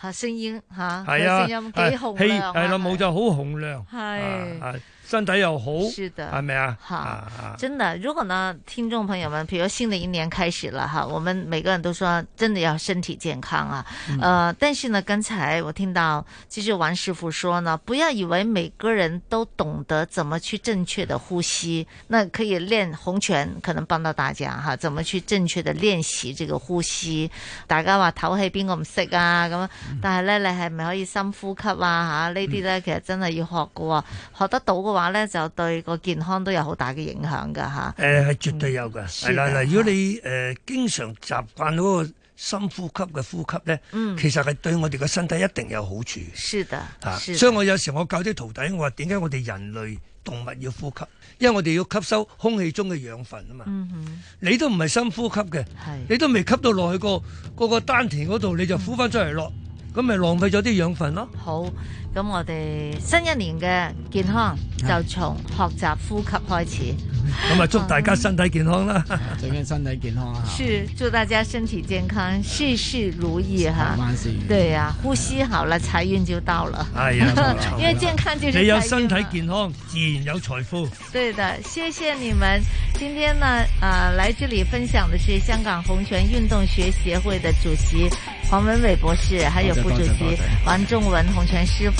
吓聲音吓係啊，聲音幾好係啦，冇就好洪亮。係，身體又好，係咪啊？吓，真啊！如果呢，聽眾朋友們，譬如新嘅一年開始了哈，我們每個人都說，真的要身體健康啊。誒，但是呢，剛才我聽到，就是王師傅說呢，不要以為每個人都懂得怎麼去正確地呼吸。那可以練紅拳，可能幫到大家哈、啊。怎麼去正確的練習這個呼吸？大家話唞氣邊個唔識啊咁，但係咧你係咪可以深呼吸啊？吓、啊、呢啲咧其實真係要學噶，學得到嘅話咧就對個健康都有好大嘅影響噶吓。誒、啊、係、呃、絕對有噶。係啦嗱，的如果你誒、呃、經常習慣嗰個深呼吸嘅呼吸咧，嗯、其實係對我哋個身體一定有好處。是的，是的、啊，所以我有時我教啲徒弟，我話點解我哋人類動物、物要呼吸？因為我哋要吸收空氣中嘅養分啊嘛，嗯、哼你都唔係深呼吸嘅，是你都未吸到落去個個丹田嗰度，你就呼翻出嚟落，咁咪、嗯、哼浪費咗啲養分咯。好。咁我哋新一年嘅健康就從學習呼吸開始。咁啊、嗯， 祝大家身體健康啦！最 緊、嗯、身體健康啊！是，祝大家身體健康，事事如意哈！嗯、萬事如意、啊。對啊，呼吸好了，財運、哎、呀就到了。係啊，因為健康就是、啊。你有身體健康，自然有財富。對的，謝謝你們。今天呢，啊、呃，來這裏分享的是香港洪拳運動學協會的主席，博博主席黃文煒博士，還有副主席王仲文洪拳師傅。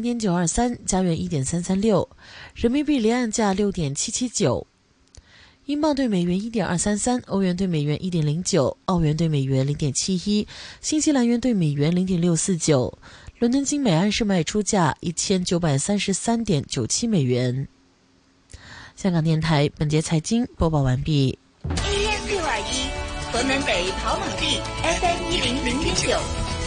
0.923，加元1.336，人民幣離岸價6.779，英鎊兌美元1.233，歐元兌美元1.09，澳元兌美元0.71，新西蘭元兌美元0.649，倫敦金每盎司賣出價1933.97美元。香港電台本節財經播報完畢。AS621，河南北跑馬地 FM100.9。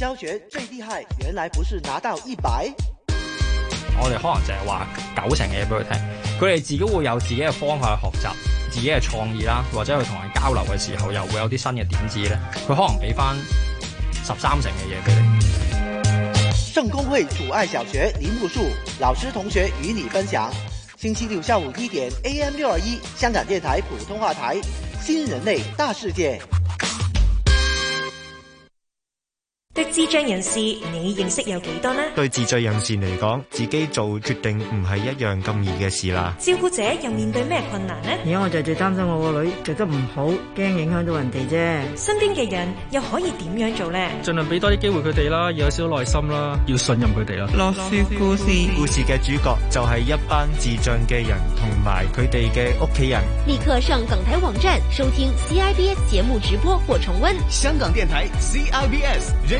教學最厲害，原來不是拿到一百。我哋可能就係話九成嘅嘢俾佢聽，佢哋自己會有自己嘅方法去學習，自己嘅創意啦，或者去同人交流嘅時候又會有啲新嘅點子咧。佢可能俾翻十三成嘅嘢俾你。聖公會主愛小學林木樹老師同學與你分享，星期六下午一點，AM 六二一香港電台普通話台，新人類大世界。對智障人士，你認識有幾多呢？對智障人士嚟講，自己做決定唔係一樣咁易嘅事啦。照顧者又面對咩困難呢？而家我就最擔心我個女做得唔好，驚影響到人哋啫。身邊嘅人又可以點樣做呢？盡量俾多啲機會佢哋啦，有少少耐心啦，要信任佢哋啦。落雪故事，故事嘅主角就係一班智障嘅人同埋佢哋嘅屋企人。立刻上港台網站收聽 CIBS 節目直播或重溫香港電台 CIBS。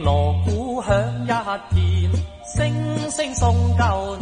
鑼鼓響一片，聲聲送舊。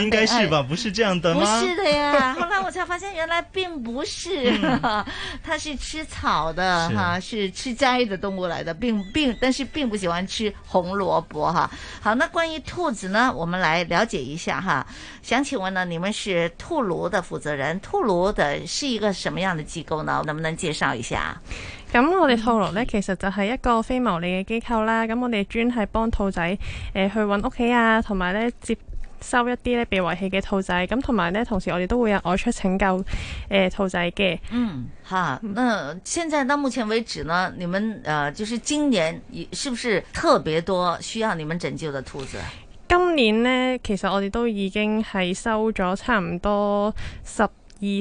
應該是吧？不是這樣的嗎？不是的呀。 後來我才發現，原來並不是， 它是吃草的哈，是吃齋的動物來的，並並但是並不喜歡吃紅蘿蔔哈。好，那關於兔子呢，我們來了解一下哈。想請問呢，你們是兔廬的負責人？兔廬的是一個什麼樣的機構呢？能不能介紹一下？咁我哋兔廬呢，其實就係一個非牟利嘅機構啦。咁我哋專係幫兔仔誒、呃、去搵屋企啊，同埋咧接收一啲咧被遺棄嘅兔仔，咁同埋咧，同時我哋都會有外出拯救誒、呃、兔仔嘅。嗯，吓，那現在到目前為止呢，你們誒、呃，就是今年是不是特別多需要你們拯救的兔子？今年呢，其實我哋都已經係收咗差唔多十二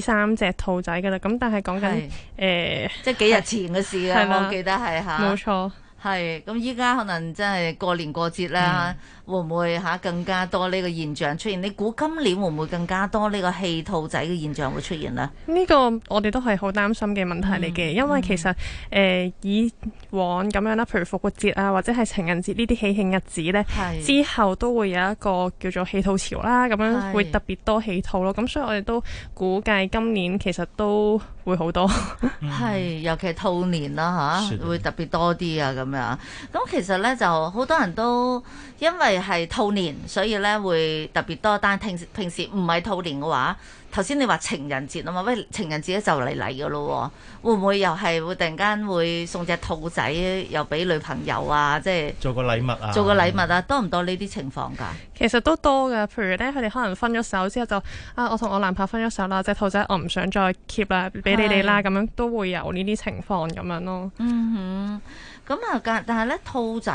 三隻兔仔噶啦。咁但係講緊誒，即係是、呃、幾日前嘅事啦、啊，我是記得係吓。冇吧錯。係，咁依家可能真係過年過節啦，嗯、會唔會嚇更加多呢個現象出現？你估今年會唔會更加多呢個棄兔仔嘅現象會出現呢？呢個我哋都係好擔心嘅問題嚟嘅，嗯、因為其實誒、嗯呃、以往咁樣啦，譬如復活節啊，或者係情人節呢啲喜慶日子呢，是之後都會有一個叫做棄兔潮啦，咁樣會特別多棄兔咯。咁是所以我哋都估計今年其實都。會好多， 係尤其係兔年啦、啊、吓，啊、的會特別多啲啊咁樣。咁其實咧就好多人都因為係兔年，所以咧會特別多單。但係平時平時唔係兔年嘅話。頭先你話情人節啊嘛，喂情人節咧就嚟嚟嘅咯喎，會唔會又係會突然間會送隻兔仔又俾女朋友啊？即係做個禮物啊？做個禮物啊？多唔多呢啲情況㗎？其實都多㗎，譬如咧佢哋可能分咗手之後就啊我同我男朋友分咗手啦，隻兔仔我唔想再 keep 啦，俾你哋啦，咁是樣都會有呢啲情況咁樣咯。嗯哼。咁啊，但但係咧，兔仔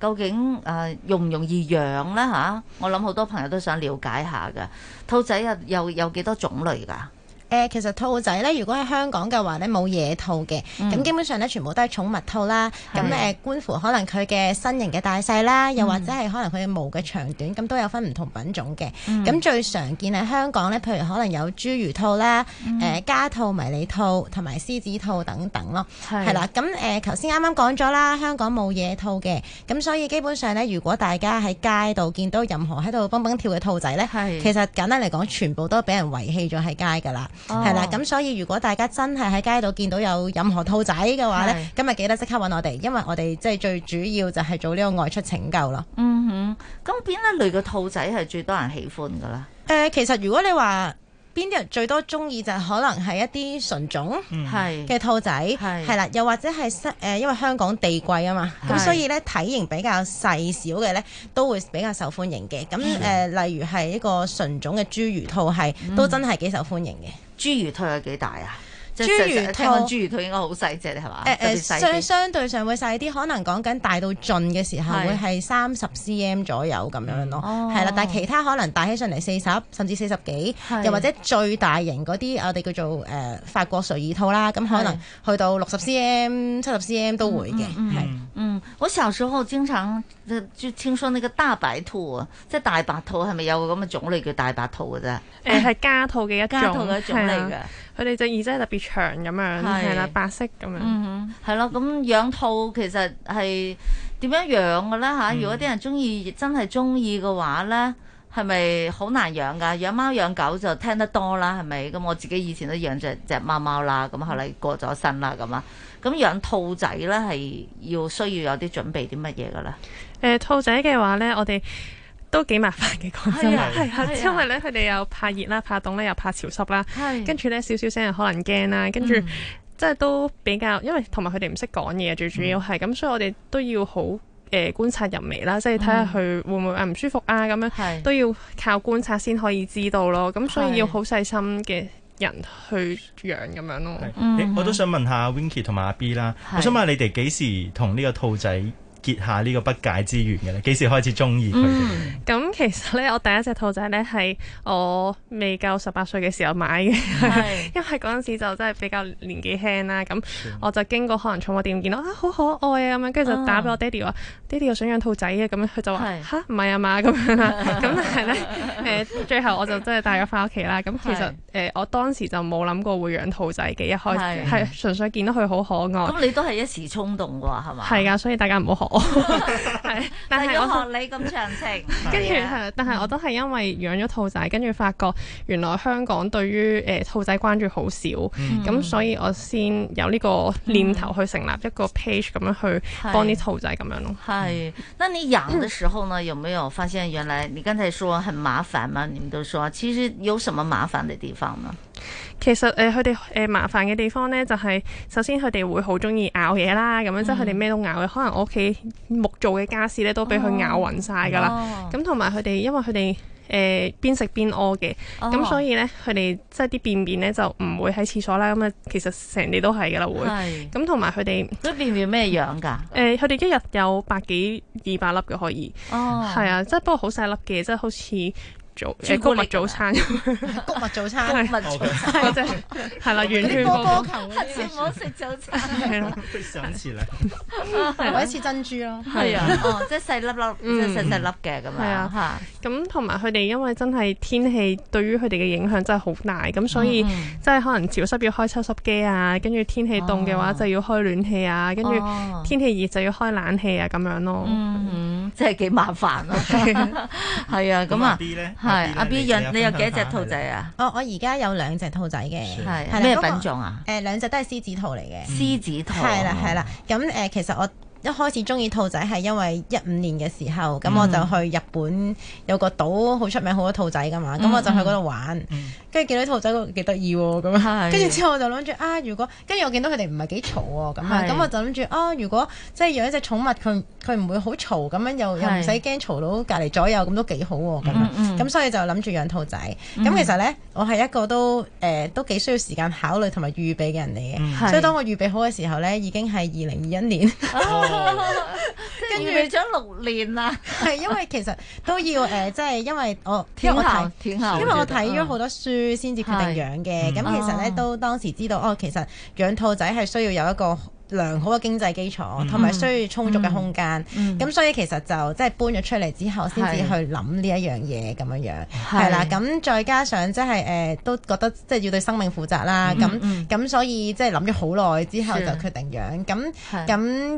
究竟、啊、容唔容易養咧吓？我諗好多朋友都想了解下噶，兔仔啊，有有幾多種類噶？誒，其實兔仔咧，如果喺香港嘅話咧，冇野兔嘅，咁基本上咧，全部都係寵物兔啦。咁誒，觀乎可能佢嘅身形嘅大細啦，又或者係可能佢嘅毛嘅長短，咁都有分唔同品種嘅。咁最常見喺香港咧，譬如可能有侏儒兔啦、誒家兔、迷你兔同埋獅子兔等等咯，係啦。咁誒，頭先啱啱講咗啦，香港冇野兔嘅，咁所以基本上咧，如果大家喺街度見到任何喺度蹦蹦跳嘅兔仔咧，其實簡單嚟講，全部都俾人遺棄咗喺街㗎啦。係啦，咁所以如果大家真係喺街度見到有任何兔仔嘅話，呢今日記得即刻揾我哋，因為我哋即係最主要就係做呢個外出拯救啦。嗯哼，咁邊一類嘅兔仔係最多人喜歡噶啦？誒，其實如果你話邊啲人最多中意，就可能係一啲純種係嘅兔仔，係啦，又或者係誒，因為香港地貴啊嘛，咁所以呢，體型比較細小嘅呢都會比較受歡迎嘅。咁誒，例如係一個純種嘅侏儒兔，係都真係幾受歡迎嘅。侏儒兔有幾大啊？侏儒兔，聽講侏儒兔，佢應該好細隻咧，係嘛？誒誒、呃，相相對上會細啲，可能講緊大到盡嘅時候，會係三十 cm 左右咁樣咯。係啦是、嗯哦，但係其他可能大起上嚟四十，甚至四十幾，是又或者最大型嗰啲，我哋叫做誒、呃、法國垂耳兔啦。咁可能去到六十 cm、七十 cm 都會嘅是、嗯。嗯嗯，是嗯，我小時候經常就就聽說呢個大白兔，啊。即係大白兔係咪有個咁嘅種類叫大白兔㗎啫？誒係、嗯、家兔嘅一，家兔嘅一種嚟嘅。佢哋隻耳仔特別長咁樣，係啦是，白色咁樣，係咯、嗯。咁養兔其實係點樣養嘅咧嚇？嗯、如果啲人中意，真係中意嘅話咧，係咪好難養噶？養貓養狗就聽得多啦，係咪？咁我自己以前都養隻隻貓貓啦，咁後嚟過咗身啦，咁啊。咁養兔仔咧係要需要有啲準備啲乜嘢噶啦？誒、呃，兔仔嘅話咧，我哋。都幾麻煩嘅講真係，啊啊、因為咧佢哋又怕熱啦、啊，怕凍咧、啊、又怕潮濕啦、啊，是跟住咧少少聲又可能驚啦、啊，嗯、跟住即係都比較，因為同埋佢哋唔識講嘢，最主要係咁，嗯、所以我哋都要好誒、呃、觀察入微啦，即係睇下佢會唔會誒唔舒服啊咁樣，嗯、都要靠觀察先可以知道咯。咁是所以要好細心嘅人去養咁樣咯。是嗯、哼我都想問下 Winky 同埋阿 B 啦，是我想問下你哋幾時同呢個兔仔？結下呢個不解之緣嘅咧，幾時開始中意佢？咁其實咧，我第一隻兔仔咧係我未夠十八歲嘅時候買嘅，是 因為嗰陣時就真係比較年紀輕啦，咁我就經過可能寵物店見到啊好可愛啊咁樣，跟住就打俾我爹哋話。啊呢啲又想養兔仔嘅咁樣，佢就話吓，唔係啊嘛咁樣啦。咁但係咧，誒，最後我就真係帶咗返屋企啦。咁其實誒，我當時就冇諗過會養兔仔嘅，一開始係純粹見到佢好可愛。咁你都係一時衝動嘅係嘛？係啊，所以大家唔好學我，但係要學你咁長情。跟住係，但係我都係因為養咗兔仔，跟住發覺原來香港對於誒兔仔關注好少，咁所以我先有呢個念頭去成立一個 page，咁樣去幫啲兔仔咁樣咯。誒，那你養嘅時候呢，有沒有發現原來你剛才說很麻煩嘛？你們都說，其實有什麼麻煩的地方呢？其實誒，佢哋誒麻煩嘅地方呢，就係首先佢哋會好中意咬嘢啦，咁樣即係佢哋咩都咬嘅，嗯、可能我屋企木做嘅家私呢都俾佢咬匀晒噶啦。咁同埋佢哋，因為佢哋。誒、呃、邊食邊屙嘅，咁、oh. 所以咧佢哋即係啲便便咧就唔會喺廁所啦。咁啊，其實成地都係噶啦會。咁同埋佢哋啲便便咩樣㗎？誒、oh. 呃，佢哋一日有百幾二百粒嘅可以。哦，係啊，即係不過好細粒嘅，即係好似。做穀物早餐，穀物早餐，穀物早餐，係啦，完全波波球，切唔好食早餐，係咯，第一次嚟，攞一次珍珠咯，係啊，哦，即係細粒粒，即係細細粒嘅咁樣，係啊，咁同埋佢哋因為真係天氣對於佢哋嘅影響真係好大，咁所以即係可能潮濕要開抽濕機啊，跟住天氣凍嘅話就要開暖氣啊，跟住天氣熱就要開冷氣啊，咁樣咯，嗯嗯，即係幾麻煩咯，係啊，咁啊。係，阿 B 潤，你有幾多隻兔仔啊？對哦，我而家有兩隻兔仔嘅。係咩品種啊？誒、那個呃，兩隻都係獅子兔嚟嘅，嗯、獅子兔係啦，係啦，咁誒、呃，其實我，一開始中意兔仔係因為一五年嘅時候，咁我就去日本有個島好出名好多兔仔㗎嘛，咁我就去嗰度玩，跟住見到兔仔都幾得意喎，咁，跟住之後我就諗住啊，如果跟住我見到佢哋唔係幾嘈喎，咁，咁我就諗住啊，如果即係養一隻寵物，佢佢唔會好嘈咁樣，又又唔使驚嘈到隔離左右，咁都幾好喎，咁，咁所以就諗住養兔仔。咁其實呢，我係一個都誒都幾需要時間考慮同埋預備嘅人嚟嘅，所以當我預備好嘅時候呢，已經係二零二一年。跟住咗六年啦，係 著因為其實都要誒，即、呃、係、就是、因為我，天后，天后，因為我睇咗好多書先至決定養嘅。咁、嗯、其實咧、嗯、都當時知道哦，其實養兔仔係需要有一個良好嘅經濟基礎，同埋需要充足嘅空間。咁所以其實就即係搬咗出嚟之後，先至去諗呢一樣嘢咁樣樣，係啦。咁再加上即係誒，都覺得即係要對生命負責啦。咁咁所以即係諗咗好耐之後就決定養。咁咁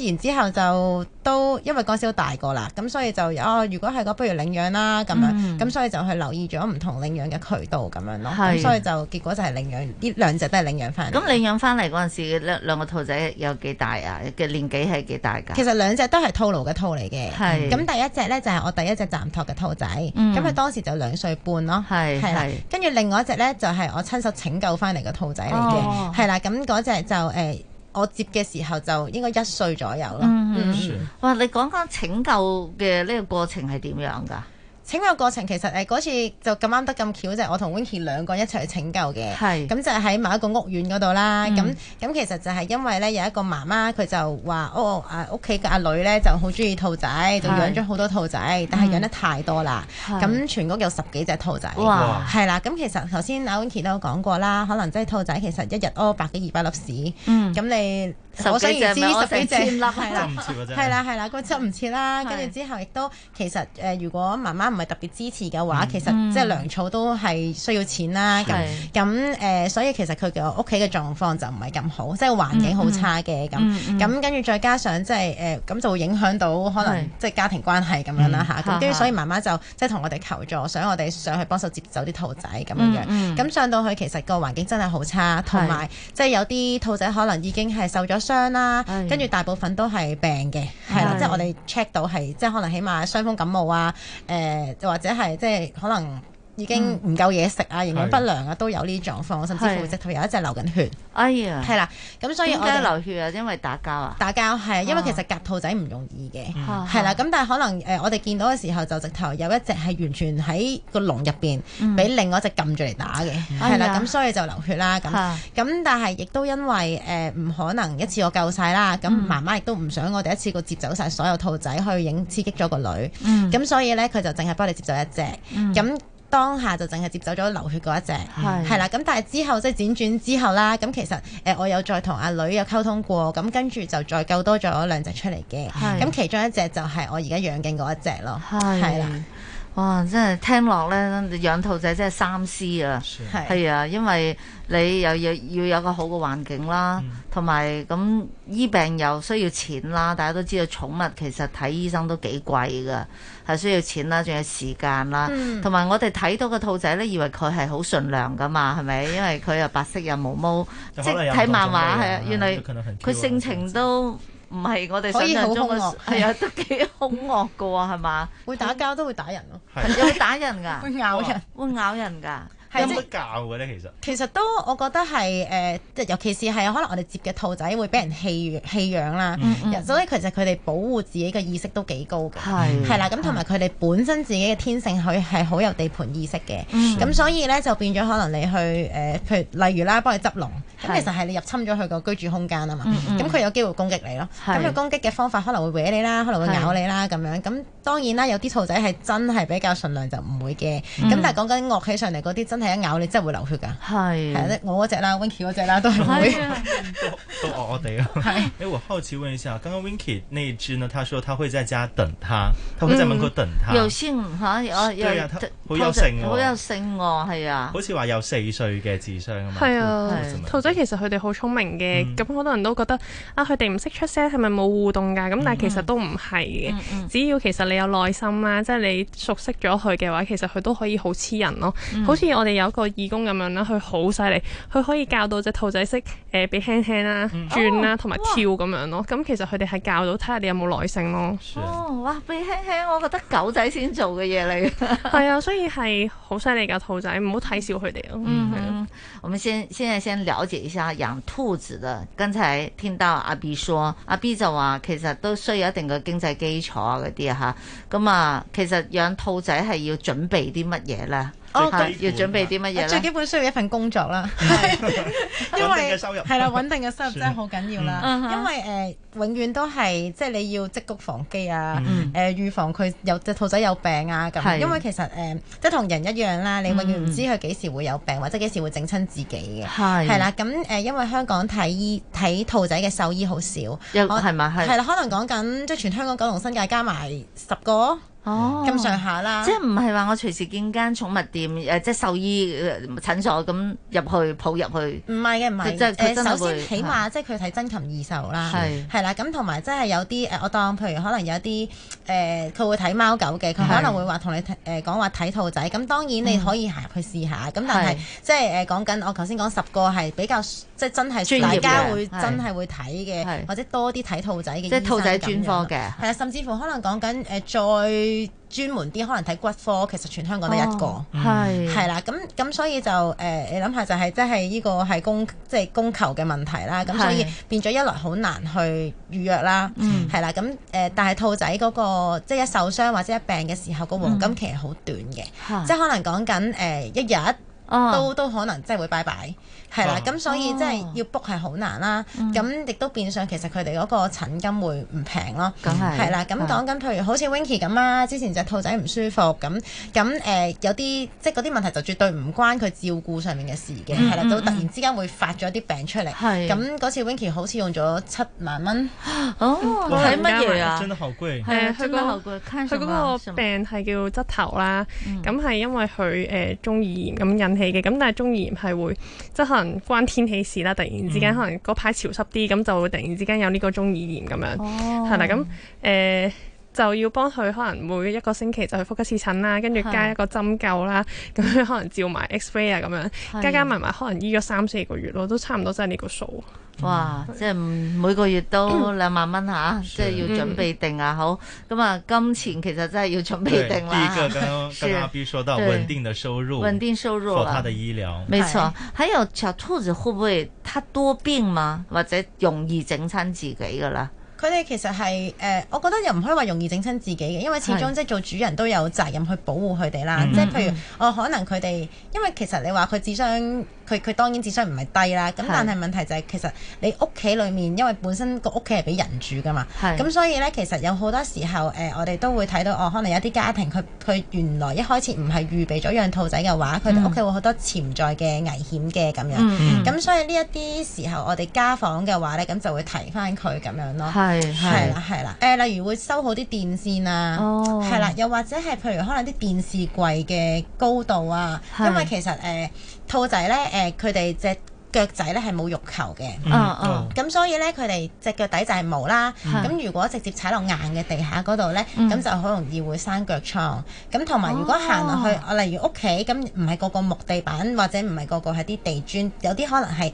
然之後就都因為嗰時都大個啦，咁所以就哦，如果係嘅，不如領養啦咁樣。咁所以就去留意咗唔同領養嘅渠道咁樣咯。咁所以就結果就係領養，呢兩隻都係領養翻嚟。咁領養翻嚟嗰陣時，兩兩個兔仔有。幾大啊？嘅年紀係幾大噶？其實兩隻都係兔廬嘅兔嚟嘅，係咁是第一隻呢，就係、是、我第一隻暫托嘅兔仔，咁佢、嗯、當時就兩歲半咯，係係，跟住另外一隻呢就係、是、我親手拯救翻嚟嘅兔仔嚟嘅，係、哦、啦，咁嗰隻就誒、呃，我接嘅時候就應該一歲左右咯，嗯哼嗯、哇！你講講拯救嘅呢個過程係點樣噶？拯救過程其實誒嗰次就咁啱得咁巧，就係、是、我同 Winky 兩個一齊去拯救嘅。係是，咁就喺某一個屋苑嗰度啦。咁咁、嗯、其實就係因為咧有一個媽媽，佢就話哦誒屋企嘅阿女咧就好中意兔仔，就養咗好多兔仔，是但係養得太多啦。咁、嗯、全屋有十幾隻兔仔。哇！係啦，咁其實頭先阿 Winky 都有講過啦，可能即係兔仔其實一日屙百幾二百粒屎。咁、嗯、你可想而知十幾隻攞成千粒，係啦係啦，佢執唔切啦。跟住、 啊、之後亦都其實誒，如果媽媽。唔係特別支持嘅話，其實即係糧草都係需要錢啦。咁咁誒，所以其實佢嘅屋企嘅狀況就唔係咁好，即係環境好差嘅咁。咁跟住再加上即係誒，咁就會影響到可能即係家庭關係咁樣啦吓，咁跟住所以媽媽就即係同我哋求助，想我哋上去幫手接走啲兔仔咁樣。咁上到去其實個環境真係好差，同埋即係有啲兔仔可能已經係受咗傷啦，跟住大部分都係病嘅，係啦，即係我哋 check 到係即係可能起碼傷風感冒啊誒。就或者係即係可能。已經唔夠嘢食啊，營養不良啊，都有呢啲狀況，甚至乎直頭有一隻流緊血。哎呀，係啦，咁所以我都流血啊，因為打交啊。打交係，因為其實夾兔仔唔容易嘅，係啦。咁但係可能誒，我哋見到嘅時候就直頭有一隻係完全喺個籠入邊，俾另外一隻撳住嚟打嘅，係啦。咁所以就流血啦。咁咁但係亦都因為誒唔可能一次過救晒啦。咁媽媽亦都唔想我哋一次過接走晒所有兔仔去影刺激咗個女。咁所以咧，佢就淨係幫你接走一隻。咁當下就淨係接走咗流血嗰一隻，係啦的，咁但係之後即係、就是、輾轉之後啦，咁其實誒、呃、我有再同阿女有溝通過，咁跟住就再救多咗兩隻出嚟嘅，咁的其中一隻就係我而家養緊嗰一隻咯，係啦的。的哇！真係聽落咧，養兔仔真係三思啊，係是啊，因為你又要要有個好嘅環境啦，同埋咁醫病又需要錢啦。大家都知道，寵物其實睇醫生都幾貴㗎，係需要錢啦，仲有時間啦。同埋、嗯、我哋睇到個兔仔咧，以為佢係好順良噶嘛，係咪？因為佢又白色又毛毛， 即係睇漫畫係啊，原來佢性情都。 唔係我哋想象中嘅，係啊，都幾兇惡嘅喎，係嘛？會打交都會打人咯，係 打人㗎， 會咬人，會咬人㗎。有乜教嘅咧？其實其實都我覺得係誒、呃，尤其是係可能我哋接嘅兔仔會俾人棄棄養啦，mm hmm. 所以其實佢哋保護自己嘅意識都幾高嘅，係啦、mm，咁同埋佢哋本身自己嘅天性，佢係好有地盤意識嘅，咁、mm hmm. 所以咧就變咗可能你去誒，譬、呃、如例如啦，幫佢執籠，咁、mm hmm. 其實係你入侵咗佢個居住空間啊嘛，咁佢、mm hmm. 有機會攻擊你咯，咁佢、mm hmm. 攻擊嘅方法可能會搲你啦，可能會咬你啦咁、mm hmm. 樣，咁當然啦，有啲兔仔係真係比較順良就唔會嘅，咁、mm hmm. 但係講緊惡起上嚟嗰啲真係一咬你真係會流血㗎，係係我嗰隻啦，Winky 嗰隻啦都係都都惡我哋啊！係，誒，我好奇問一下，剛剛 Winky 那隻呢？佢話佢會在家等他，佢會在門口等他。有性嚇，我對啊，佢好有性，好有性愛啊，好似話有四歲嘅智商啊嘛。係啊，兔仔其實佢哋好聰明嘅，咁好多人都覺得啊，佢哋唔識出聲係咪冇互動㗎？咁但係其實都唔係嘅，只要其實你有耐心啊，即係你熟悉咗佢嘅話，其實佢都可以好黐人咯。好似我。我哋有個義工咁樣啦，佢好犀利，佢可以教到隻兔仔識誒，俾、呃、輕輕啦、啊、嗯、轉啦、啊，同埋、哦、跳咁樣咯。咁其實佢哋係教到睇下你有冇耐性咯、啊。哦，哇，俾輕輕，我覺得狗仔先做嘅嘢嚟。係啊，所以係好犀利㗎，兔仔唔好睇小佢哋啊。嗯。我們先現在先了解一下養兔子的。剛才聽到阿 B 說，阿 B 就話其實都需要一定嘅經濟基礎嗰啲吓。咁啊，其實養兔仔係要準備啲乜嘢咧？要準備啲乜嘢？最基本需要一份工作啦， 因為係啦，穩 定嘅收入真係好緊要啦。 因為誒、啊，永遠都係即係你要積穀防饑啊，誒、嗯，預、啊、防佢有隻兔仔有病啊咁。是因為其實誒、啊，即係同人一樣啦，你永遠唔知佢幾時會有病或者幾時會整親。自己嘅係係啦，咁誒，的嗯、因為香港睇睇兔仔嘅獸醫好少，係咪？係係啦，可能講緊即係全香港九龍新界加埋十個。哦，咁上下啦，即係唔係話我隨時見間寵物店誒，即係獸醫診所咁入去抱入去？唔係嘅，唔係。即係首先，起碼即係佢睇珍禽異獸啦，係係啦。咁同埋即係有啲誒，我當譬如可能有啲誒，佢會睇貓狗嘅，佢可能會話同你誒講話睇兔仔。咁當然你可以行去試下，咁但係即係誒講緊我頭先講十個係比較即係真係大家會真係會睇嘅，或者多啲睇兔仔嘅。即係兔仔專科嘅，係啊，甚至乎可能講緊誒再。專門啲可能睇骨科，其實全香港得一個，係係、哦、啦，咁咁所以就誒、呃，你諗下就係即係呢個係供即係、就係供，就係、供求嘅問題啦，咁所以變咗一來好難去預約啦，係、嗯、啦，咁、呃、誒，但係兔仔嗰、嗰個即係一受傷或者一病嘅時候，個黃金期係好短嘅，嗯、即係可能講緊誒一日。都都可能即係會拜拜，係啦，咁所以即係要 book 係好難啦，咁亦都變相，其實佢哋嗰個診金會唔平咯，咁係，係啦，咁講緊譬如好似 Winky 咁啦，之前隻兔仔唔舒服，咁咁誒有啲即係嗰啲問題就絕對唔關佢照顧上面嘅事嘅，係啦，都突然之間會發咗啲病出嚟，係，咁嗰次 Winky 好似用咗七萬蚊，哦，睇乜嘢啊？真係好貴，係啊，佢嗰個佢嗰個病係叫側頭啦，咁係因為佢誒中耳炎咁引氣嘅，咁但係中耳炎係會，即係可能關天氣事啦。突然之間，嗯、可能嗰排潮濕啲，咁就會突然之間有呢個中耳炎咁樣，係啦，哦，咁誒。就要幫佢可能每一個星期就去複一次診啦，跟住加一個針灸啦，咁樣可能照埋 X-ray 啊咁樣，加加埋埋可能醫咗三四個月咯，都差唔多真係呢個數。哇！即係每個月都兩萬蚊吓，即係要準備定啊。好，咁啊，金錢其實真係要準備定啦。第一個剛剛剛阿 B 說到穩定嘅收入，穩定收入做他嘅醫療。冇錯，還有小兔子會不會它多病嘛，或者容易整親自己㗎啦？佢哋其實係誒、呃，我覺得又唔可以話容易整親自己嘅，因為始終即係做主人都有責任去保護佢哋啦。即係、mm hmm. 譬如，我、呃、可能佢哋，因為其實你話佢智商。佢佢當然智商唔係低啦，咁但係問題就係其實你屋企裡面，因為本身個屋企係俾人住噶嘛，咁是所以呢，其實有好多時候誒、呃，我哋都會睇到哦，可能有啲家庭佢佢原來一開始唔係預備咗養兔仔嘅話，佢哋屋企會好多潛在嘅危險嘅咁樣，咁、嗯嗯、所以呢一啲時候我哋家訪嘅話呢，咁就會提翻佢咁樣咯，係係啦係啦誒、呃，例如會收好啲電線啊，係、哦、啦，又或者係譬如可能啲電視櫃嘅高度啊，因為其實誒。呃兔仔咧，誒，佢哋隻腳仔咧係冇肉球嘅，哦哦，咁所以咧佢哋隻腳底就係毛啦。咁如果直接踩落硬嘅地下嗰度咧，咁就好容易會生腳瘡。咁同埋如果行落去，例如屋企咁唔係個個木地板，或者唔係個個係啲地磚，有啲可能係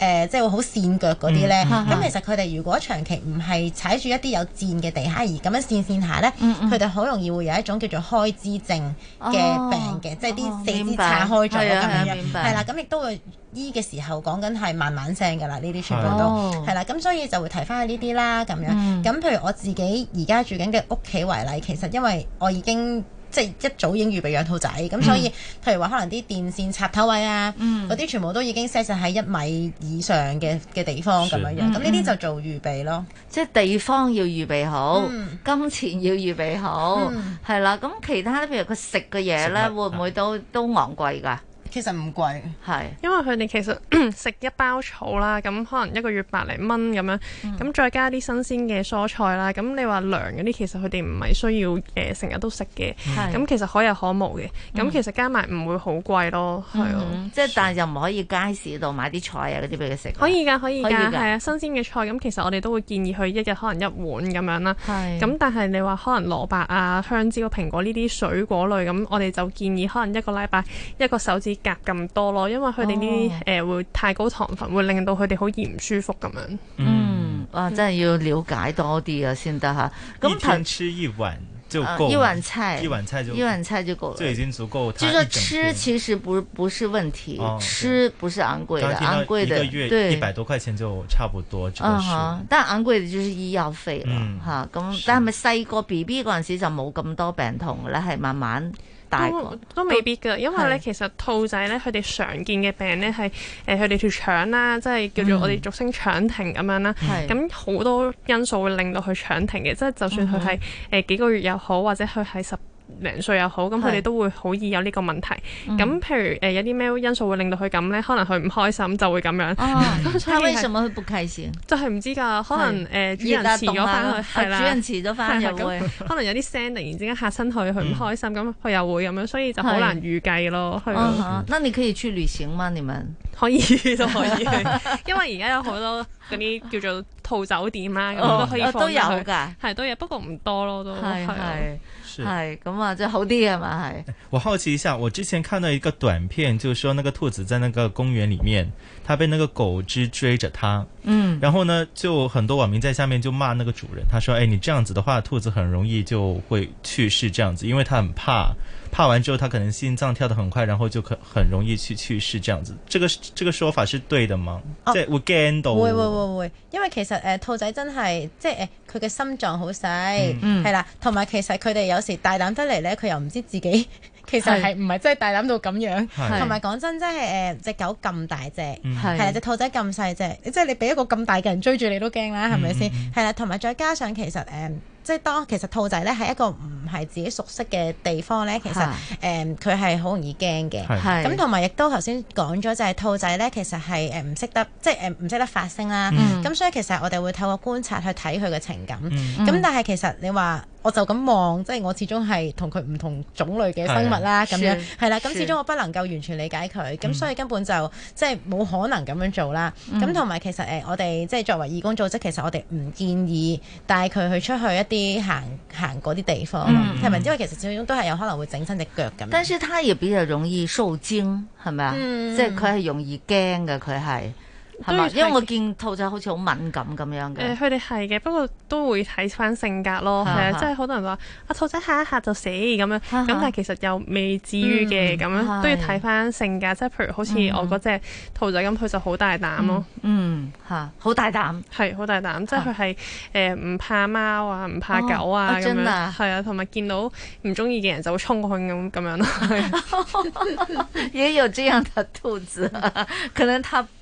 誒即係會好跣腳嗰啲咧。咁其實佢哋如果長期唔係踩住一啲有箭嘅地下而咁樣跣跣下咧，佢哋好容易會有一種叫做開支症嘅病嘅，即係啲四肢踩開咗咁樣樣。係啦，咁亦都會。醫嘅時候講緊係慢慢升㗎啦，呢啲全部都係啦，咁、oh. 所以就會提翻起呢啲啦，咁樣咁、嗯、譬如我自己而家住緊嘅屋企為例，其實因為我已經即係一早已經預備養兔仔，咁所以、嗯、譬如話可能啲電線插頭位啊，嗰啲、嗯、全部都已經 set 晒喺一米以上嘅嘅地方咁樣是樣，咁呢啲就做預備咯，即係地方要預備好，嗯、金錢要預備好，係啦、嗯，咁其他譬如佢食嘅嘢咧，物啊、會唔會都都昂貴㗎？其實唔貴，係是因為佢哋其實 食一包草啦，咁可能一個月百零蚊咁樣，咁、嗯、再加啲新鮮嘅蔬菜啦，咁你話糧嗰啲其實佢哋唔係需要誒成日都食嘅，咁是其實可有可無嘅，咁、嗯、其實加埋唔會好貴咯，係啊，即係但係又唔可以街市度買啲菜啊嗰啲俾佢食，可以㗎，可以㗎，係啊，新鮮嘅菜咁其實我哋都會建議佢一日可能一碗咁樣啦，係是，咁但係你話可能蘿蔔啊、香蕉、啊、蘋果呢啲水果類咁，我哋就建議可能一個禮拜一,一個手指。隔咁多咯，因為佢哋啲誒會太高糖分，會令到佢哋好易唔舒服咁樣。嗯，哇，真係要了解多啲啊，先得嚇。咁、啊，平，一天吃一碗就夠、啊、一碗菜，一碗菜就一碗菜就夠了。就已經足夠。就是說吃，其實不不是問題，哦、吃不是昂貴的，昂貴的對，一百多塊錢就差不多、就是。嗯哼，但昂貴的就是醫藥費啦、啊，嚇咁、啊啊。但係咪細個 B B 嗰陣時，時就冇咁多病痛咧？係慢慢。都，都未必噶，因為咧是其實兔仔咧佢哋常見嘅病咧係誒佢哋條腸啦、啊，即係叫做我哋俗稱腸停咁樣啦。咁好、嗯、多因素會令到佢腸停嘅，是即係就算佢係誒幾個月又好，或者佢喺十零歲又好，咁佢哋都會好易有呢個問題。咁譬如誒，有啲咩因素會令到佢咁咧？可能佢唔開心就會咁樣。啊，佢為什麼唔開心？就係唔知噶，可能誒主人遲咗翻去，係啦，主人遲咗翻又會，可能有啲聲突然之間吓親佢，佢唔開心，咁佢又會咁樣，所以就好難預計咯。啊，那你可以去旅行嗎？你們可以都可以，因為而家有好多嗰啲叫做兔酒店啦，咁都可以放住佢。都有噶，係都有，不過唔多咯，都係。係咁是、哎、啊，即係好啲啊嘛係。我好奇一下，我之前看到一個短片，就是說那個兔子在那個公園裏面，它被那個狗隻追着它，嗯，然後呢就很多網民在下面就罵那個主人，他說，誒、哎、你這樣子的話，兔子很容易就會去世，這樣子，因為他很怕。怕完之後，他可能心臟跳得很快，然後就可很容易去去世。這樣子，這個這個說法是對的嗎？對、啊，會驚到。會會會會，因為其實誒、呃，兔仔真係即係誒，佢、呃、嘅心臟好細，係、嗯、啦，同埋、嗯、其實佢哋有時大膽得嚟咧，佢又唔知自己其實係唔係真係大膽到咁樣。同埋講真，真係誒，隻狗咁大隻，係啦、嗯是，隻兔仔咁細隻，即係你俾一個咁大嘅人追住你都驚、嗯、啦，係咪先？係啦，同埋再加上其實誒。呃嗯即係當其實兔仔咧係一個唔係自己熟悉嘅地方咧，其實誒佢係好容易驚嘅。咁同埋亦都頭先講咗就係兔仔咧，其實係誒唔識得即係誒唔識得發聲啦。咁所以其實我哋會透過觀察去睇佢嘅情感。咁但係其實你話我就咁望，即係我始終係同佢唔同種類嘅生物啦，咁樣係啦。咁始終我不能夠完全理解佢，咁所以根本就即係冇可能咁樣做啦。咁同埋其實誒我哋即係作為義工組織，其實我哋唔建議帶佢去出去一啲行行啲地方，係咪、嗯？因為其實始終都係有可能會整親隻腳咁。但係佢也比較容易受驚，係咪啊？即係佢係容易驚嘅，佢係。因為我見兔仔好似好敏感咁樣嘅。誒，佢哋係嘅，不過都會睇返性格咯。係啊，即係好多人話啊兔仔嚇一嚇就死咁樣。咁但係其實又未至於嘅咁樣，都要睇返性格。即係譬如好似我嗰隻兔仔咁，佢就好大膽咯。嗯，嚇，好大膽，係好大膽，即係佢係誒唔怕貓啊，唔怕狗啊咁樣。係啊，同埋見到唔中意嘅人就會衝過去咁咁樣咯。也有這樣的兔子，可能佢。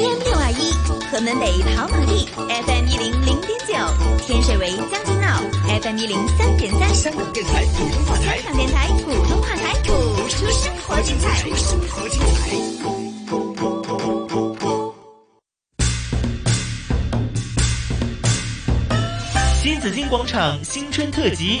天六二一，河門北跑馬地 FM 一零零點九，天水圍將軍澳 FM 一零三點三，香港電台普通話香港電台普通話台，播出生活精彩。生活精彩。新紫荊廣場新春特輯。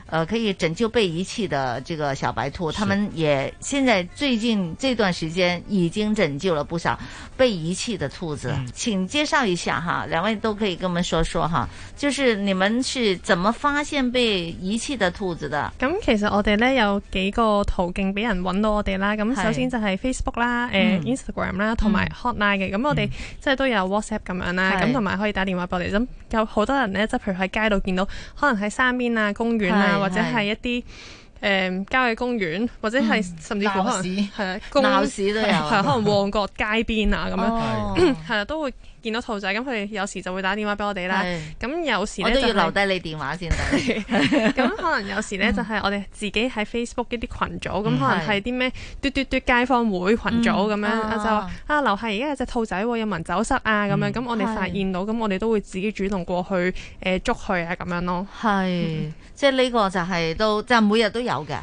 呃，可以拯救被遺棄的這個小白兔，是他們也現在最近這段時間已經拯救了不少被遺棄的兔子，嗯、請介紹一下哈，兩位都可以跟我們說說哈，就是你們是怎麼發現被遺棄的兔子的？咁其實我哋呢，有幾個途徑俾人揾到我哋啦，咁首先就係 Facebook 啦，誒、呃嗯、Instagram 啦，同埋 Hotline 嘅，咁我哋即係都有 WhatsApp 咁樣啦，咁同埋可以打電話過嚟，咁有好多人呢，即係譬如喺街度見到，可能喺山邊啊、公園啊。是或者係一啲誒郊野公園，或者係、嗯、甚至乎可能係屎啊公鬧市都有，啊，可能旺角街邊啊咁 樣，係、哦、 啊都會。見到兔仔，咁佢哋有時就會打電話俾我哋啦。咁有時我都要留低你電話先得。咁可能有時呢，就係我哋自己喺 Facebook 一啲群組，咁可能係啲咩嘟嘟嘟街坊會群組咁樣，就話啊，樓下而家有隻兔仔有人走失啊咁樣，咁我哋發現到，咁我哋都會自己主動過去誒捉佢啊咁樣咯。係，即係呢個就係都即每日都有嘅。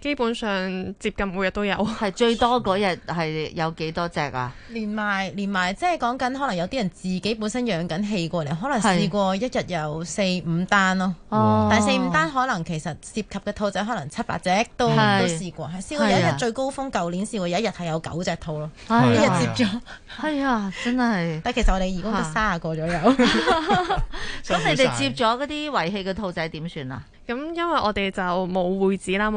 基本上接近每日都有。係最多嗰日係有幾多隻啊？連埋連埋，即係講緊可能有啲人自己本身養緊棄過嚟，可能試過一日有四是五單咯。哇但係四五單可能其實涉及嘅兔仔可能七八隻都是都試過，係試過有一日最高峰，舊年試過有一日係有九隻兔咯。一日接咗，係啊，真係。但其實我哋而家都三十個左右。咁你哋接咗嗰啲遺棄嘅兔仔點算啊？咁因為我哋就冇會址啦，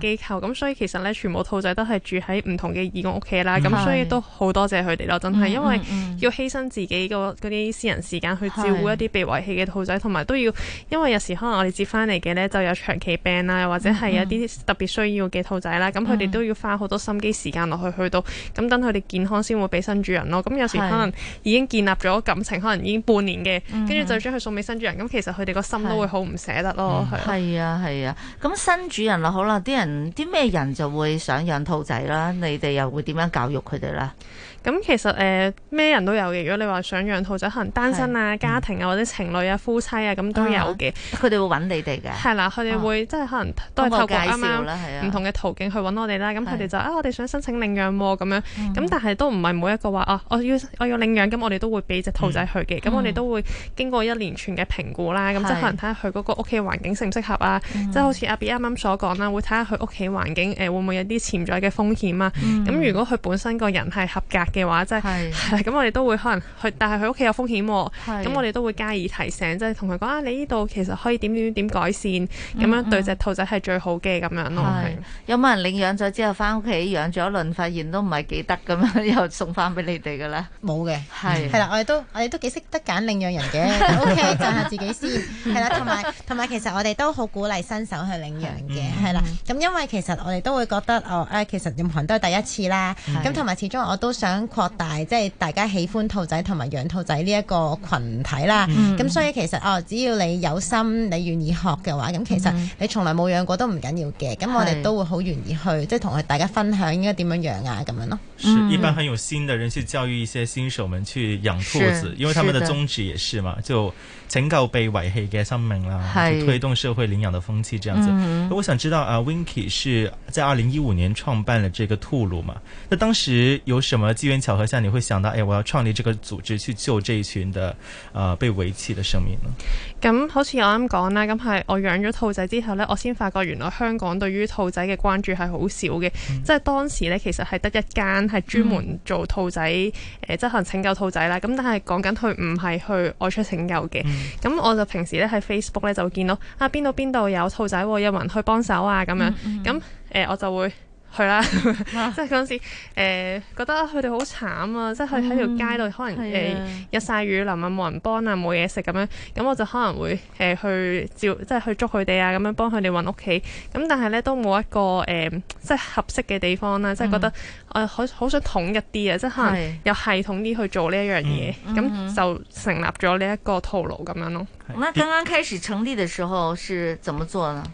機構咁，所以其實咧，全部兔仔都係住喺唔同嘅義工屋企啦。咁、嗯、所以都好多謝佢哋咯，真係，嗯嗯、因為要犧牲自己嗰啲私人時間去照顧一啲被遺棄嘅兔仔，同埋是都要，因為有時可能我哋接翻嚟嘅咧，就有長期病啊，或者係有啲特別需要嘅兔仔啦。咁佢哋都要花好多心機時間落去，去到咁等佢哋健康先會俾新主人咯。咁有時可能已經建立咗感情，可能已經半年嘅，跟住、嗯、就要將佢送俾新主人。咁其實佢哋個心都會好唔捨得咯。係、嗯、啊，係啊。咁、啊啊啊、新主人啦，好啦、啊，好啊啲人啲咩人就會想養兔仔啦，你哋又會點樣教育佢哋啦？咁其實誒咩人都有嘅。如果你話想養兔仔，可能單身啊、家庭啊或者情侶啊、夫妻啊咁都有嘅。佢哋會揾你哋嘅。係啦，佢哋會即係可能都係透過啱啱唔同嘅途徑去揾我哋啦。咁佢哋就啊，我哋想申請領養喎咁樣。咁但係都唔係每一個話啊，我要我要領養，咁我哋都會俾隻兔仔去嘅。咁我哋都會經過一連串嘅評估啦。咁即係可能睇下佢嗰個屋企環境適唔適合啊。即係好似阿 B 啱啱所講啦，會睇下佢屋企環境誒會唔會有啲潛在嘅風險啊。咁如果佢本身個人係合格。嘅話，即係係咁，嗯、我哋都會可能去，但係佢屋企有風險，哦，咁我哋都會加以提醒，即係同佢講啊，你呢度其實可以點點點改善，咁、嗯嗯、樣對隻兔仔係最好嘅咁樣咯。有冇人領養咗之後翻屋企養咗一輪，發現都唔係幾得咁樣，又送翻俾你哋嘅咧？冇嘅，係係啦，我哋都我哋都幾識得揀領養人嘅。O K，就下自己先，係啦，同埋同埋其實我哋都好鼓勵新手去領養嘅，係啦。咁、嗯、因為其實我哋都會覺得哦，誒，其實任何人都係第一次啦。咁同埋始終我都想擴大即係大家喜歡兔仔同埋養兔仔呢一個群體啦，咁、嗯、所以其實哦，只要你有心，你願意學嘅話，咁其實你從來冇養過都唔緊要嘅，咁我哋都會好願意去，是即係同佢大家分享應該點樣養啊，咁樣咯。是一般很有心的人去教育一些新手們去養兔子，因為他們的宗旨也是嘛，就。拯救被遺棄嘅生命啦，是推動社會領養嘅風氣，這樣子。嗯、我想知道啊，Winky 是在二零一五年創辦了這個兔廬嘛？那當時有什麼機緣巧合下，你會想到，哎，我要創立這個組織去救這一群的，啊、被遺棄的生命呢？咁好似我啱講啦，咁係我養咗兔仔之後呢，我先發覺原來香港對於兔仔嘅關注係好少嘅，即係當時呢，其實係得一間係專門做兔仔，誒執行拯救兔仔啦。咁但係講緊佢唔係去外出拯救嘅。咁我就平時咧喺 Facebook 咧就會見到啊邊度邊度有兔仔、啊，有人去幫手啊？咁樣咁誒、嗯嗯呃，我就會去啦。 啊、即係嗰時誒、呃，覺得佢哋好慘啊！嗯、即係喺條街度可能誒，日、呃、晒的雨淋啊，冇人幫啊，冇嘢食咁樣。咁我就可能會誒、呃、去照，即係去捉佢哋啊，咁樣幫佢哋搵屋企。咁但係咧都冇一個誒、呃，即係合適嘅地方啦、啊，嗯、即係覺得。我好好想統一啲啊，即係又系統啲去做呢一、嗯、樣嘢，咁就成立咗呢一個套路咁樣咯。咁啊，剛剛開始成立嘅時候是怎麼做呢？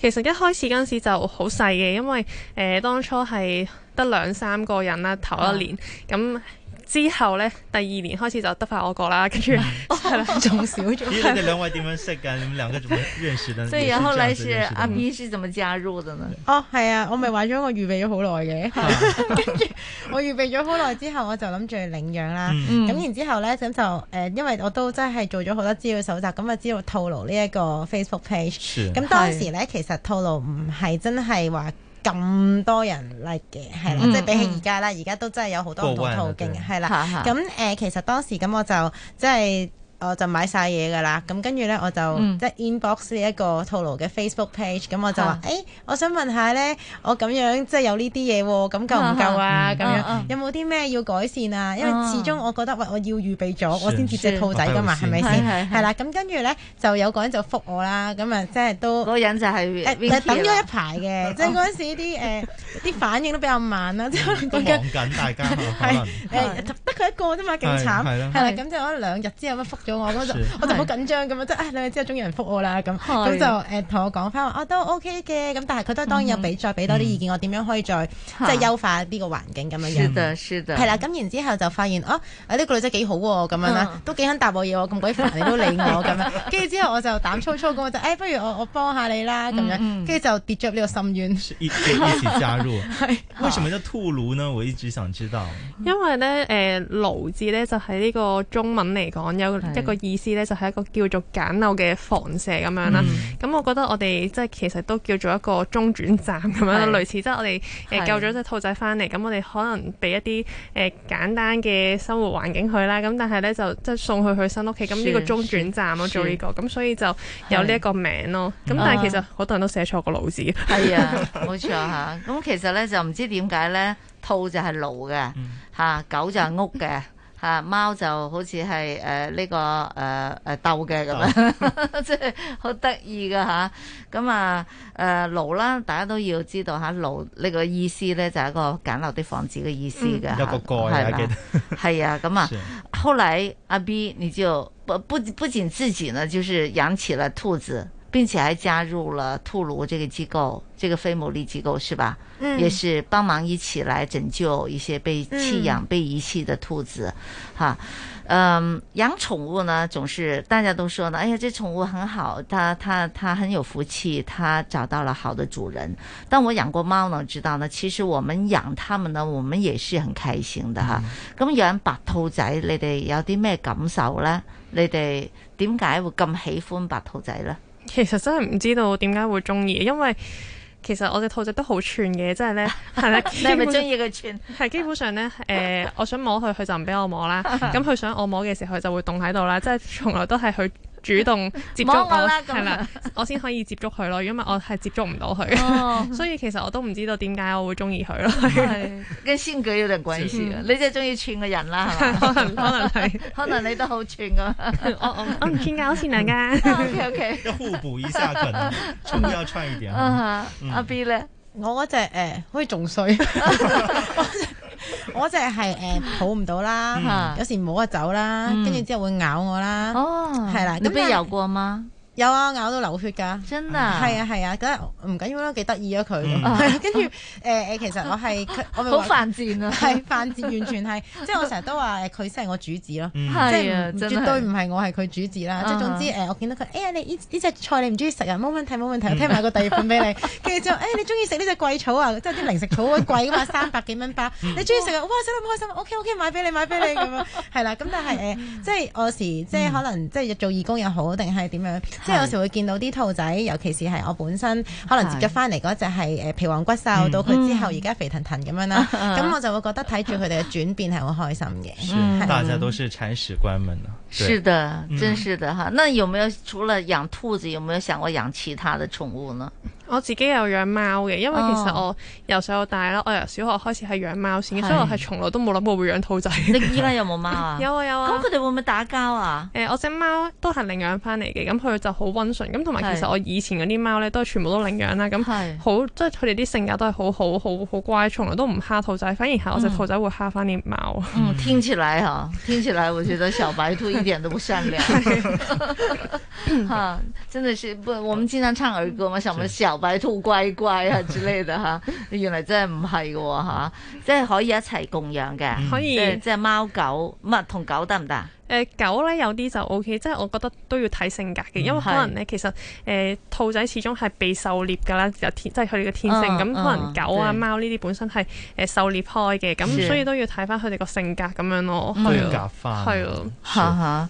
其實一開始嗰陣時就好細嘅，因為誒、呃、當初係得兩三個人啦，頭一年咁。哦。之後咧，第二年開始就得返我國啦，跟住係啦，仲少咗。咦？你哋兩位點樣識噶？你們兩個怎麼認識的？即係然後黎 Sir 阿 B 是怎麼加入的呢？哦，係啊，我咪話咗我預備咗好耐嘅，跟住我預備咗好耐之後，我就諗住領養啦。咁然之後咧，咁就誒，因為我都真係做咗好多資料搜集，咁啊知道兔廬呢一個 Facebook page。是。咁當時咧，其實兔廬唔係真係話，咁多人 like 嘅，係啦，嗯、即係比起而家啦，而家、嗯、都真係有好多唔同途徑，係、啊、啦。咁誒、 呃，其實當時咁我就即係。就是我就買晒嘢㗎啦，咁跟住咧我就即係 inbox 呢一個套路嘅 Facebook page，咁我就話，誒，我想問下咧，我咁樣即係有呢啲嘢，咁夠唔夠啊？咁樣有冇啲咩要改善啊？因為始終我覺得，喂，我要預備咗，我先接隻兔仔㗎嘛，係咪先？係啦，咁跟住咧就有個人就覆我啦，咁啊，即係都嗰個人就係誒等咗一排嘅，即係嗰陣時啲誒啲反應都比較慢啦，即係講緊大家係誒得佢一個啫嘛，勁慘係啦，咁就我嗰兩日之後乜覆我就好緊張咁啊！即係你咪知終於有人覆我啦咁咁就誒同我講翻話，我都 OK 嘅咁，但係佢都當然有俾再俾多啲意見，我點樣可以再即係優化呢個環境咁樣樣。是係啦，咁然之後就發現哦，呢個女仔幾好喎，咁樣啦，都幾肯答我嘢喎，咁鬼煩你都理我咁樣。跟住之後我就膽粗粗咁就不如我我幫下你啦咁樣。跟住就跌咗呢個心願，加入。係為什麼叫兔廬呢？我一直想知道。因為咧誒廬字咧就喺呢個中文嚟講有一個意思咧，就係一個叫做簡陋嘅房舍咁樣啦，咁我覺得我哋即係其實都叫做一個中轉站咁樣，類似即係我哋誒救咗隻兔仔翻嚟，咁我哋可能俾一啲誒簡單嘅生活環境佢啦，咁但係咧就即係送去佢新屋企，咁呢個中轉站咯，做呢個，咁所以就有呢一個名咯，咁但係其實好多人都寫錯個廬字嘅。係啊，冇錯吓，咁其實咧就唔知點解咧，兔就係廬嘅，吓，狗就係屋嘅。嚇、啊，貓就好似係誒呢個誒誒鬥嘅咁樣，即係好得意嘅嚇。咁啊誒，廬、呃、啦，大家都要知道嚇廬呢個意思咧，就係、是、一個簡陋啲房子嘅意思嘅嚇。嗯、啊，係啊，咁 啊，後來阿 B 你就不不不僅自己呢，就是養起了兔子。並且還加入了兔盧這個機構，這個非牟利機構是吧？嗯，也是幫忙一起來拯救一些被棄養、被遺棄的兔子，嗯，哈，嗯，養寵物呢，總是大家都說呢，哎呀，這寵物很好，它它它很有福氣，它找到了好的主人。但我養過貓呢，知道呢，其實我們養它們呢，我們也是很開心的哈。咁、嗯、養、嗯、白兔仔，你哋有啲咩感受呢？你哋點解會咁喜歡白兔仔呢？其實真係唔知道點解會中意，因為其實我隻兔仔都好串嘅，即係呢，係啦，你係咪中意佢串？係，基本上呢，誒， 呃、 我想摸佢，佢就唔俾我摸啦。咁佢 想我摸嘅時候，佢就會凍喺度啦。即係從來都係佢。主動接觸，係啦，我先可以接觸佢咯。因為我係接觸唔到佢，所以其實我都唔知道點解我會中意佢咯。跟先鬼有啲鬼事，你即係中意串嘅人啦，係嘛？可能可能係，可能你都好串噶。我我我唔串噶，好善良噶。O K O K。要互補一下，阿 B 咧，我嗰隻誒可以仲衰。 我就係、是、誒、欸、抱唔到啦，嗯、有時摸就走啦，跟住、嗯、之後會咬我啦，係、哦、啦，你俾游過嗎？有啊，咬到流血噶，真啊，係啊係啊，梗係唔緊要啦，幾得意啊佢，係啊，跟住誒誒，其實我係佢，我好犯賤啊，係犯賤，完全係，即係我成日都話佢先係我主子咯，即係絕對唔係我係佢主子啦，即係總之誒，我見到佢，哎呀你呢呢隻菜你唔中意食啊，冇問題冇問題，聽埋個第二份俾你，跟住就誒你中意食呢隻貴草啊，即係啲零食草好貴噶嘛，三百幾蚊包，你中意食啊，哇真係好開心，OK OK，買俾你買俾你咁樣，係啦，咁但係誒，即係我時即係可能即係做義工又好定係點樣？即係有時會見到啲兔仔，尤其是係我本身可能接咗翻嚟嗰隻係誒皮黃骨瘦，嗯、到佢之後而家肥騰騰咁樣啦，咁我就會覺得睇住佢哋嘅轉變係好開心嘅。大家都是鏟屎官們啊！是的，嗯、真是的哈！那有沒有除了養兔子，有沒有想過養其他的寵物呢？我自己有養貓嘅，因為其實我由細到大啦，我由小學開始係養貓先，所以我係從來都冇諗過會養兔仔。你依家有冇貓啊？有啊有啊。咁佢哋會唔會打交啊？誒，我隻貓都係領養返嚟嘅，咁佢就好溫順。咁同埋其實我以前嗰啲貓咧，都係全部都領養啦，咁好即係佢哋啲性格都係好好好好乖，從來都唔蝦兔仔，反而係我隻兔仔會蝦返啲貓。嗯，聽起來啊，聽起來，我覺得小白兔一點都不善良。嚇，真的是不，我們經常唱兒歌嘛，小白兔？咪兔乖乖啊之類嘅吓，原來真係唔係嘅吓，即係可以一齊共養嘅，可以、嗯，即係貓狗，唔係，同狗得唔得？行誒狗咧有啲就 OK，即係我覺得都要睇性格嘅，因為可能咧其實誒兔仔始終係被狩獵㗎啦，有天即係佢哋嘅天性，咁可能狗啊貓呢啲本身係誒狩獵開嘅，咁所以都要睇翻佢哋個性格咁樣咯。都要夾翻。係啊。嚇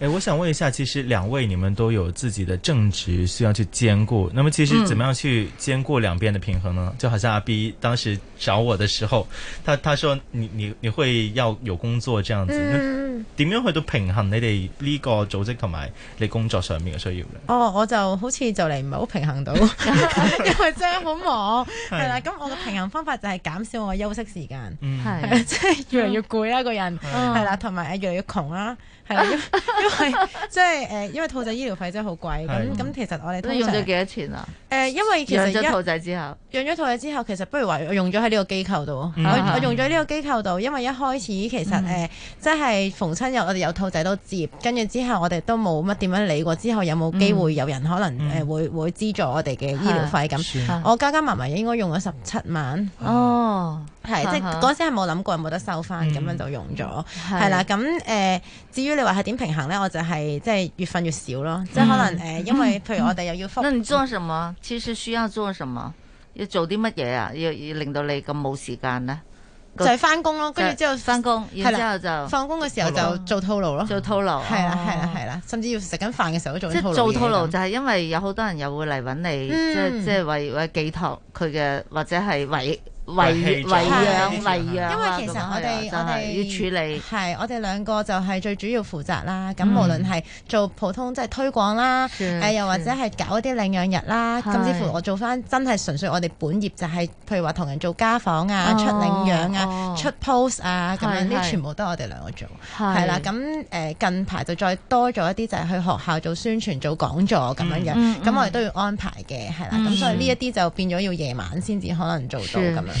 嚇。誒，我想問一下，其實兩位你們都有自己的正職需要去兼顧，那麼其實點樣去兼顧兩邊嘅平衡呢？就好像阿 B 當時找我的時候，他佢話你你你會要有工作這樣子，點樣去到平衡？你哋呢個組織同埋你工作上面嘅需要嘅，哦，oh, 我就好似就嚟唔係好平衡到， 因為真係好忙，係啦。 咁我嘅平衡方法就係減少我休息時間，係即係越嚟越攰啦，個人係啦，同埋誒越嚟越窮啦。係，因為即係誒，因為兔仔醫療費真係好貴，咁咁其實我哋都用咗幾多錢啊？誒，因為其實養咗兔仔之後，養咗兔仔之後，其實不如話我用咗喺呢個機構度。我用咗呢個機構度，因為一開始其實誒，即係逢親日，我哋有兔仔都接，跟住之後我哋都冇乜點樣理過，之後有冇機會有人可能誒會會資助我哋嘅醫療費咁。我加加埋埋應該用咗十七萬。哦。係，即係嗰時係冇諗過冇得收翻，咁、嗯、樣就用咗，係啦是。咁誒、呃，至於你話係點平衡咧，我就係、是、即係越瞓越少咯。嗯、即係可能誒、呃，因為譬如我哋又要覆、嗯嗯。那你做什麼？其實需要做什麼？要做啲乜嘢啊？要要，要令到你咁冇時間咧？就係翻工咯，跟住之後翻工，然後之後就放工嘅時候就做套路咯。做套路，係啦，係、哦、啦，係啦，甚至要食緊飯嘅時候都做。即做套路，就係因為有好多人又會嚟搵你，即係即係為為寄託佢嘅或者係為。餵養，餵養，因為其實我哋我哋要處理係我哋兩個就係最主要負責啦。咁無論係做普通即係推廣啦，誒又或者係搞一啲領養日啦，甚至乎我做返真係純粹我哋本業就係，譬如話同人做家訪啊、出領養啊、出 post 啊咁樣啲，全部都係我哋兩個做係啦。咁誒近排就再多咗一啲，就係去學校做宣傳、做講座咁樣嘅。咁我哋都要安排嘅係啦。咁所以呢一啲就變咗要夜晚先至可能做到咁樣。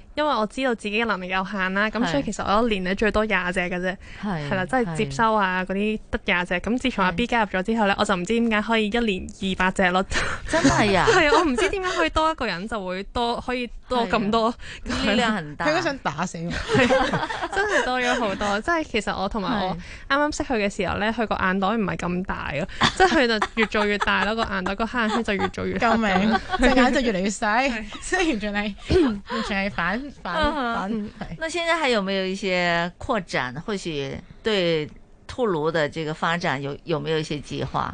因為我知道自己嘅能力有限啦，咁所以其實我一年咧最多廿隻嘅啫，係啦，即係接收啊嗰啲得廿隻。咁自從阿 B 加入咗之後咧，我就唔知點解可以一年二百隻咯。真係啊！係啊，我唔知點解可以多一個人就會多，可以多咁多呢兩銀單。佢都想打死我。真係多咗好多。即係其實我同埋我啱啱識佢嘅時候咧，佢個眼袋唔係咁大咯，即係佢就越做越大咯。個眼袋個黑眼圈就越做越。救命！隻眼就越嚟越細，所以完全係完全係反。反反 嗯，那現在還有沒有一些擴展？或許對兔廬的這個發展有有沒有一些計劃？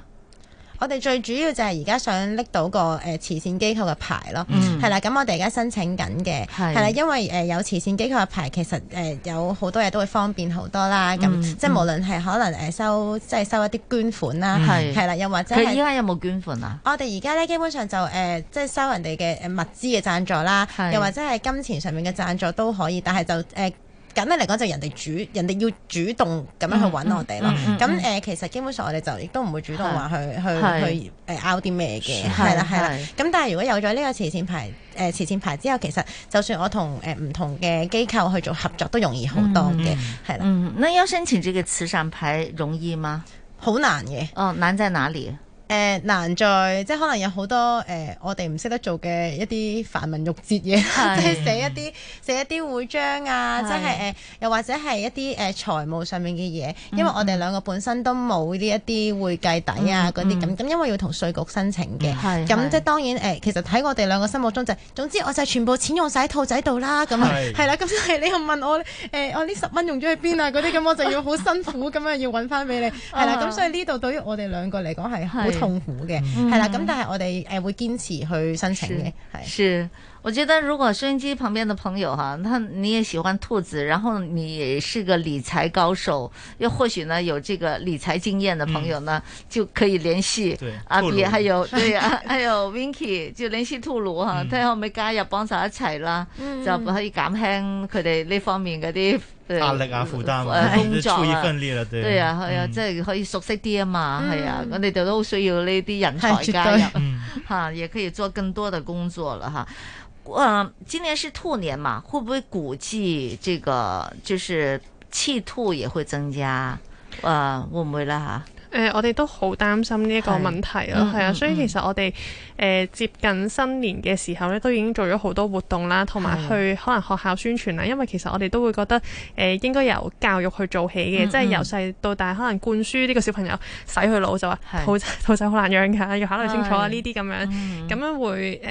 我哋最主要就係而家想拎到個誒慈善機構嘅牌咯，係、嗯、啦。咁我哋而家申請緊嘅係啦，因為誒、呃、有慈善機構嘅牌，其實誒、呃、有好多嘢都會方便好多啦。咁、嗯、即係無論係可能誒收即係收一啲捐款啦，係係是啦，又或者佢依家有冇捐款啊？我哋而家咧基本上就誒、呃、即係收人哋嘅物資嘅贊助啦，是又或者係金錢上面嘅贊助都可以，但係就誒。呃咁簡單嚟講就是、人哋主人哋要主動咁樣去揾我哋咯。咁誒、嗯嗯嗯嗯、其實基本上我哋就亦都唔會主動話去是去去誒 out 啲咩嘅。係啦係啦。咁但係如果有咗呢個慈善牌誒、呃、慈善牌之後，其實就算我、呃、同誒唔同嘅機構去做合作都容易好多嘅。係啦、嗯。嗯，的那要申請這個慈善牌容易嗎？好難嘅。哦，難在哪裡？誒，難在即係可能有好多誒我哋唔識得做嘅一啲繁文縟節嘢，即係寫一啲寫一啲會章啊，即係誒又或者係一啲誒財務上面嘅嘢，因為我哋兩個本身都冇呢一啲會計底啊、嗰啲咁，咁因為要同稅局申請嘅，咁即係當然誒其實喺我哋兩個心目中就，總之我就全部錢用晒喺兔仔度啦，咁係啦，咁係你又問我誒我呢十蚊用咗去邊啊、嗰啲咁，我就要好辛苦咁樣要搵翻俾你，係啦，咁所以呢度對於我哋兩個嚟講係痛苦嘅，係、嗯、啦，咁但係我哋誒會堅持去申請嘅，係。是，我覺得如果收音機旁邊嘅朋友哈、啊，他你也喜歡兔子，然後你也是個理財高手，又或許呢有這個理財經驗嘅朋友呢，嗯、就可以聯繫對阿 B，路還有哎 有 Winky，就聯繫兔廬吓，睇下可唔可以加入幫手一齊啦，嗯、就可以減輕佢哋呢方面嗰啲。壓力啊，負擔啊，工作啊，對啊，係啊、嗯，即係可以熟悉啲啊嘛，係啊、嗯，我哋就都需要呢啲人才加入，哈，也可以做更多的工作啦，哈。嗯、 呃，今年是兔年嘛，會不會估計這個就是棄兔也會增加？啊、呃，會唔會啦？哈？誒、呃，我哋都好擔心呢一個問題咯，係啊，嗯嗯嗯、所以其實我哋誒、呃、接近新年嘅時候咧，都已經做咗好多活動啦，同埋去可能學校宣傳啦。是因為其實我哋都會覺得誒、呃、應該由教育去做起嘅，嗯嗯、即係由細到大可能灌輸呢個小朋友洗佢腦就話是兔仔兔仔好難養㗎，要考慮清楚啊呢啲咁樣，咁樣會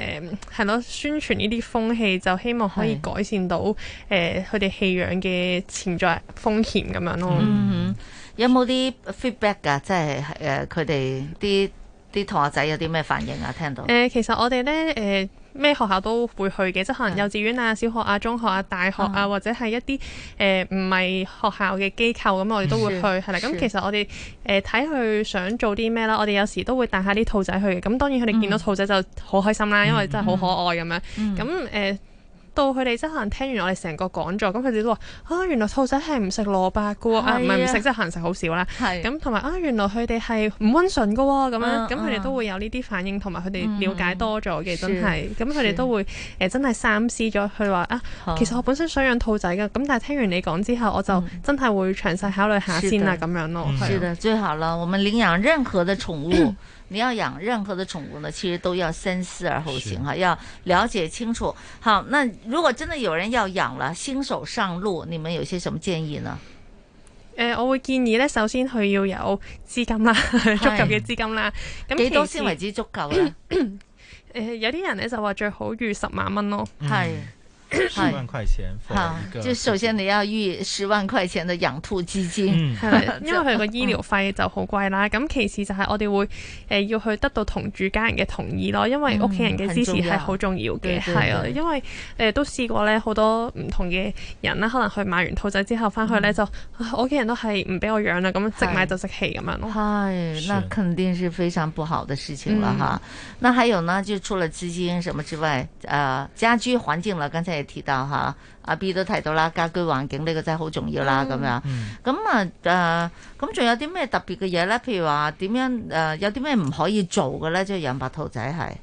誒係咯宣傳呢啲風氣，就希望可以改善到誒佢哋棄養嘅潛在風險咁樣咯是。嗯嗯有冇啲 feedback 㗎？即係誒，佢哋啲啲同學仔有啲咩反應啊？聽到誒、呃，其實我哋咧誒，咩、呃、學校都會去嘅，即係可能幼稚園啊、小學啊、中學啊、大學啊，嗯、或者係一啲誒唔係學校嘅機構咁，我哋都會去係啦。咁、嗯、其實我哋誒睇佢想做啲咩啦，我哋有時都會帶下啲兔仔去。咁當然佢哋見到兔仔就好開心啦，嗯、因為真係好可愛咁樣。咁誒。到佢哋真係可能聽完我哋成個講座，咁佢哋都話啊，原來兔仔係唔食蘿蔔噶啊，唔係唔食，即係行食好少啦。咁同埋啊，原來佢哋係唔温順噶喎，咁樣，咁佢哋都會有呢啲反應，同埋佢哋了解多咗嘅，真係咁佢哋都會誒是、呃，真係三思咗去話啊，其實我本身想養兔仔噶，咁但係聽完你講之後，我就真係會詳細考慮下先啦，咁樣咯。嗯、是最好啦，我們領養任何的寵物。 你要養任何的寵物呢，其實都要三思而後行哈是、啊，要了解清楚。好，那如果真的有人要養了，新手上路，你們有些什麼建議呢？誒、呃，我會建議呢，首先佢要有資金啦，是足夠嘅資金啦。咁實幾多先為之足夠咧？誒、呃，有啲人咧就話最好預十萬蚊咯，係、嗯。十萬塊錢，吓，就首先你要預十萬塊錢嘅養兔基金，係咪？因為佢個醫療費就好貴啦。咁其次就係我哋會誒要去得到同住家人嘅同意咯，因為屋企人嘅支持係好重要嘅，係啊。因為誒都試過咧，好多唔同嘅人啦，可能去買完兔仔之後翻去咧就，屋企人都係唔俾我養啦，咁即買就即棄咁樣咯。係，那肯定是非常不好嘅事情啦，哈。那還有呢，就除了資金什麼之外，啊，家居環境啦，剛才。鐵嘅啊嚇，阿 B 都提到啦，家居環境呢個真係好重要啦咁、嗯、樣。咁啊誒，咁仲、呃、有啲咩特別嘅嘢咧？譬如話點樣誒、呃，有啲咩唔可以做嘅咧？即係養白兔仔係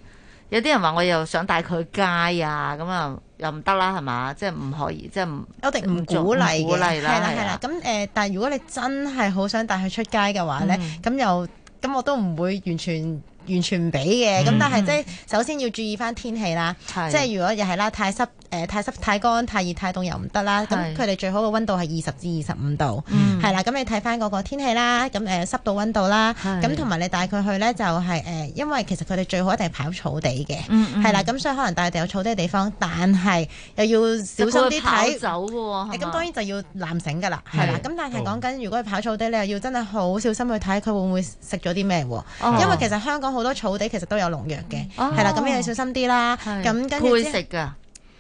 有啲人話我又想帶佢街啊，咁啊又唔得啦係嘛？即係唔可以，即係唔我哋唔鼓勵嘅，係啦係啦。咁誒、呃，但係如果你真係好想帶佢出街嘅話咧，咁、嗯、又咁我都唔會完全。完全唔俾嘅，咁、嗯、但係即係首先要注意翻天氣啦，的即係如果又係啦，太濕誒太濕太乾太熱太凍又唔得啦，咁佢哋最好個温度係二十至二十五度，係啦、嗯，咁你睇翻嗰個天氣啦，咁誒、呃、濕度温度啦，咁同埋你帶佢去咧就係、是、誒、呃，因為其實佢哋最好一定係跑草地嘅，係啦、嗯嗯，咁所以可能帶佢哋有草地嘅地方，但係又要小心啲睇，走喎、啊，咁當然就要攬醒㗎啦，係啦，咁的但係講緊如果去跑草地，你又要真係好小心去睇佢會唔會食咗啲咩喎，哦、因為其實香港。好多草地其實都有農藥嘅，係啦，咁你要小心啲啦。咁跟住咧，佢食噶，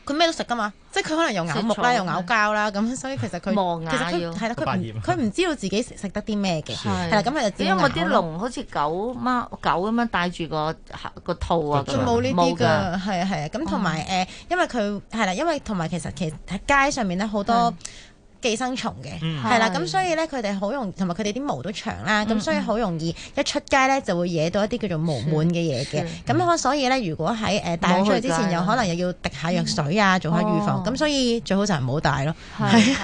佢咩都食噶嘛。即係佢可能又咬木啦，又咬膠啦。咁所以其實佢其實佢係啦，佢唔佢唔知道自己食食得啲咩嘅。係啦，咁啊，因為我啲龍好似狗貓狗咁樣帶住個個套啊，佢冇呢啲㗎。係啊係啊，咁同埋誒，因為佢係啦，因為同埋其實其喺街上面咧好多。寄生蟲嘅，係啦是，咁所以咧，佢哋好容易，同埋佢哋啲毛都長啦，咁所以好容易一出街咧，就會惹到一啲叫做毛蟎嘅嘢嘅，咁所以咧，如果喺誒帶出去之前，有可能又要滴下藥水啊，做下預防，咁、哦、所以最好就係唔好帶咯。係，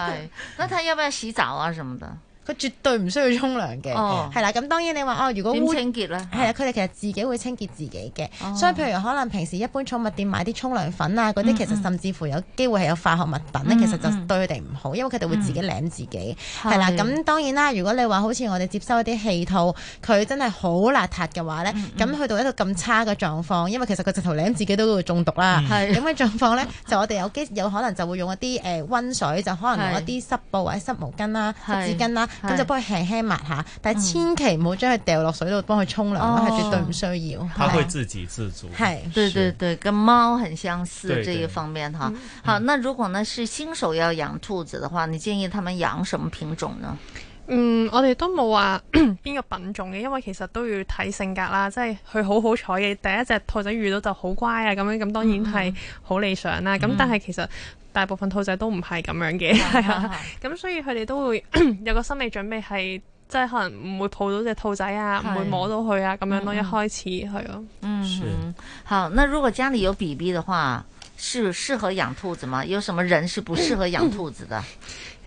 咁睇有冇洗澡啊什麼的。 佢絕對唔需要沖涼嘅，係啦。咁當然你話哦，如果點清潔咧？係啊，佢哋其實自己會清潔自己嘅。所以譬如可能平時一般寵物店買啲沖涼粉啊嗰啲，其實甚至乎有機會係有化學物品咧，其實就對佢哋唔好，因為佢哋會自己舐自己。係啦。咁當然啦，如果你話好似我哋接收一啲棄兔，佢真係好邋遢嘅話咧，咁去到一度咁差嘅狀況，因為其實佢直頭舐自己都會中毒啦。咁嘅狀況咧，就我哋有機有可能就會用一啲誒温水，就可能用一啲濕布或者濕毛巾啦、濕紙巾啦。咁就幫佢輕輕抹下，但係千祈唔好將佢掉落水度幫佢沖涼啦，係、嗯、絕對唔需要。佢是是會自給自足。係是，對對對，跟貓很相似呢一方面哈。好，嗯、好，那如果呢是新手要養兔子嘅話，你建議他們養什麼品種呢？嗯，我哋都冇話邊個品種嘅，因為其實都要睇性格啦，即係佢好好彩嘅第一隻兔仔遇到就好乖啊，咁樣咁當然係好理想啦。咁、嗯嗯嗯、但係其實。大部分兔仔都唔係咁樣嘅，係啊，咁所以佢哋都會 有個心理準備，係即係可能唔會抱到隻兔仔啊，唔是 會摸到佢啊，咁是 樣咯。一開始係咯。嗯，好。那如果家裡有 BB 嘅話，是適合養兔子嗎？有什麼人是不適合養兔子的？誒、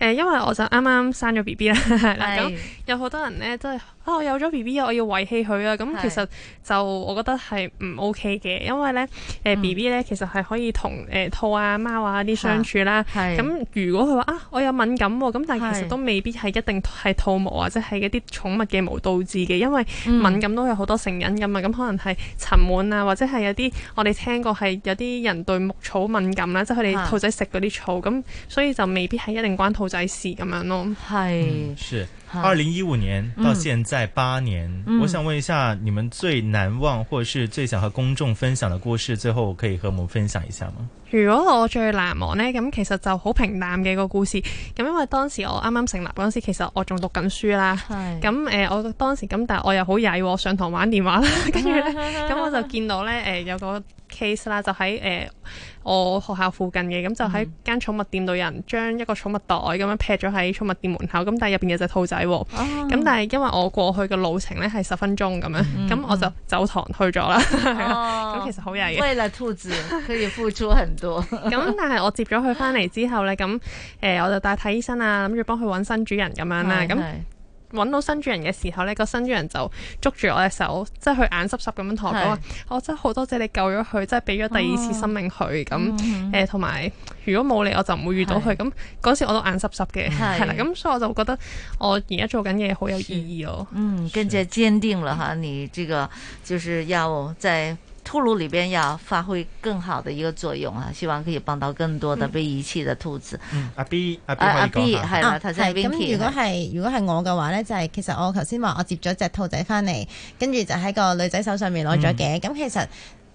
呃，因為我就啱啱生咗 BB 啦，咁有好多人咧都。啊！我有咗 B B 啊，我要遺棄佢啊！咁、嗯、其實就我覺得係唔 OK 嘅，因為咧誒 B B 咧其實係可以同誒、呃、兔啊、貓啊啲相處啦。咁、嗯、如果佢話啊，我有敏感喎、啊，咁但係其實都未必係一定係兔毛或者係一啲寵物嘅毛導致嘅，因為敏感都有好多成因㗎嘛。咁、嗯、可能係塵蟎啊，或者係有啲我哋聽過係有啲人對牧草敏感啦、啊，即係佢哋兔仔食嗰啲草咁，所以就未必係一定關兔仔事咁樣咯。係是，是二零一五年到現在八年，嗯，我想問一下，你們最難忘或是最想和公眾分享的故事，最後可以和我們分享一下嗎？如果我最難忘呢，咁其實就好平淡嘅個故事。咁因為當時我啱啱成立嗰陣時，其實我仲讀緊書啦。咁誒、嗯，我當時咁，但係我又好曳，上堂玩電話啦。跟住呢，咁、嗯、 我就見到呢，誒，有個 case 啦，就喺誒我學校附近嘅，咁就喺間寵物店度，有人將一個寵物袋咁樣劈咗喺寵物店門口，咁但係入邊有隻兔仔喎。咁但係因為我過去嘅路程呢係十分鐘咁樣，咁、嗯嗯、我就走堂去咗啦。咁、哦、其實好曳嘅。為了兔子，可以付出很。 咁， 但係我接咗佢翻嚟之後呢，咁、呃、誒，我就帶睇醫生啊，諗住幫佢揾新主人咁樣啦。咁揾到新主人嘅時候呢，個新主人就捉住我隻手，即係佢眼濕濕咁樣同我講是，我真係好多謝你救咗佢，即係俾咗第二次生命佢。咁誒，同埋如果冇你，我就唔會遇到佢。咁嗰是時我都眼濕濕嘅，係啦是。咁、啊、所以我就覺得我而家做緊嘢好有意義哦。嗯，跟住堅定啦哈，你呢個就是要再。兔廬裏邊要發揮更好的一個作用啊！希望可以幫到更多的被遺棄的兔子。嗯嗯、阿 B 阿 B 阿 B，可以講下啊。係咁、啊，如果係如果係我嘅話咧，就係、是、其實我頭先話我接咗隻兔仔翻嚟，跟住就喺個女仔手上面攞咗嘅。咁、嗯、其實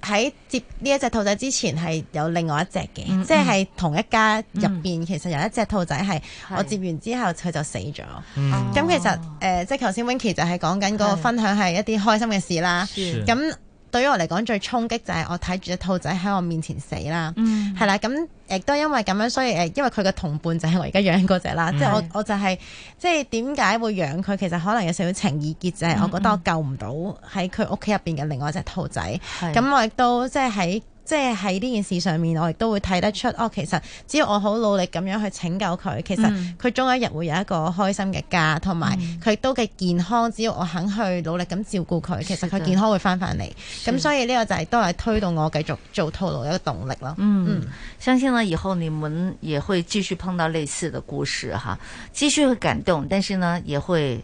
喺接呢一隻兔仔之前係有另外一隻嘅，嗯嗯即係同一家入邊其實有一隻兔仔係我接完之後佢就死咗。咁其實誒，即係頭先 Winky 就係講緊嗰個分享係一啲開心嘅事啦。咁是是對於我嚟講，最衝擊就係我睇住隻兔仔喺我面前死啦，係啦、嗯，咁亦都因為咁樣，所以誒，因為佢嘅同伴就係我而家養嗰隻啦，即係我我就係即係點解會養佢？其實可能有少少情意結，就係、嗯嗯、我覺得我救唔到喺佢屋企入邊嘅另外一隻兔仔，咁我亦都即係喺。即係喺呢件事上面，我亦都會睇得出哦。其實只要我好努力咁樣去拯救佢，其實佢終有一日會有一個開心嘅家，同埋佢都嘅健康。只要我肯去努力咁照顧佢，其實佢健康會翻返嚟。咁的所以呢個就係、是、都係推動我繼續做套路嘅一個動力囉。嗯，相信呢以後你們也會繼續碰到類似的故事哈、啊，繼續會感動，但是呢也會。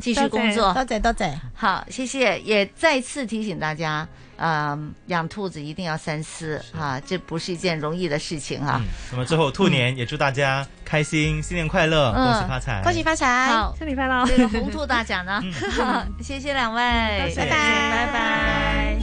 繼續工作，多謝多謝，好，謝謝，也再次提醒大家，嗯，養兔子一定要三思啊，這不是一件容易的事情啊。那麼最後兔年也祝大家開心，新年快樂，恭喜發財，恭喜發財，好，順利快樂，這個紅兔大獎呢，好，謝謝兩位，拜拜拜拜。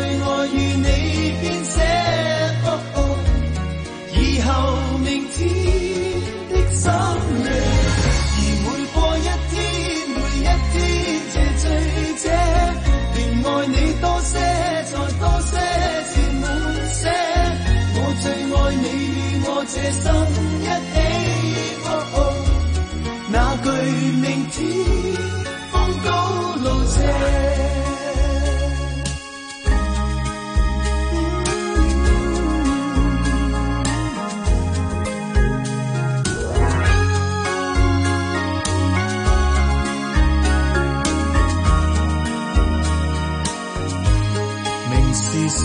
最愛與你編寫歌曲，oh, oh, 以後明天的生命。而每過一天，每一天這醉者，仍愛你多些，再多些，漸滿瀉。我最愛你與我這生一起，oh, oh, 哪懼明天風高路斜。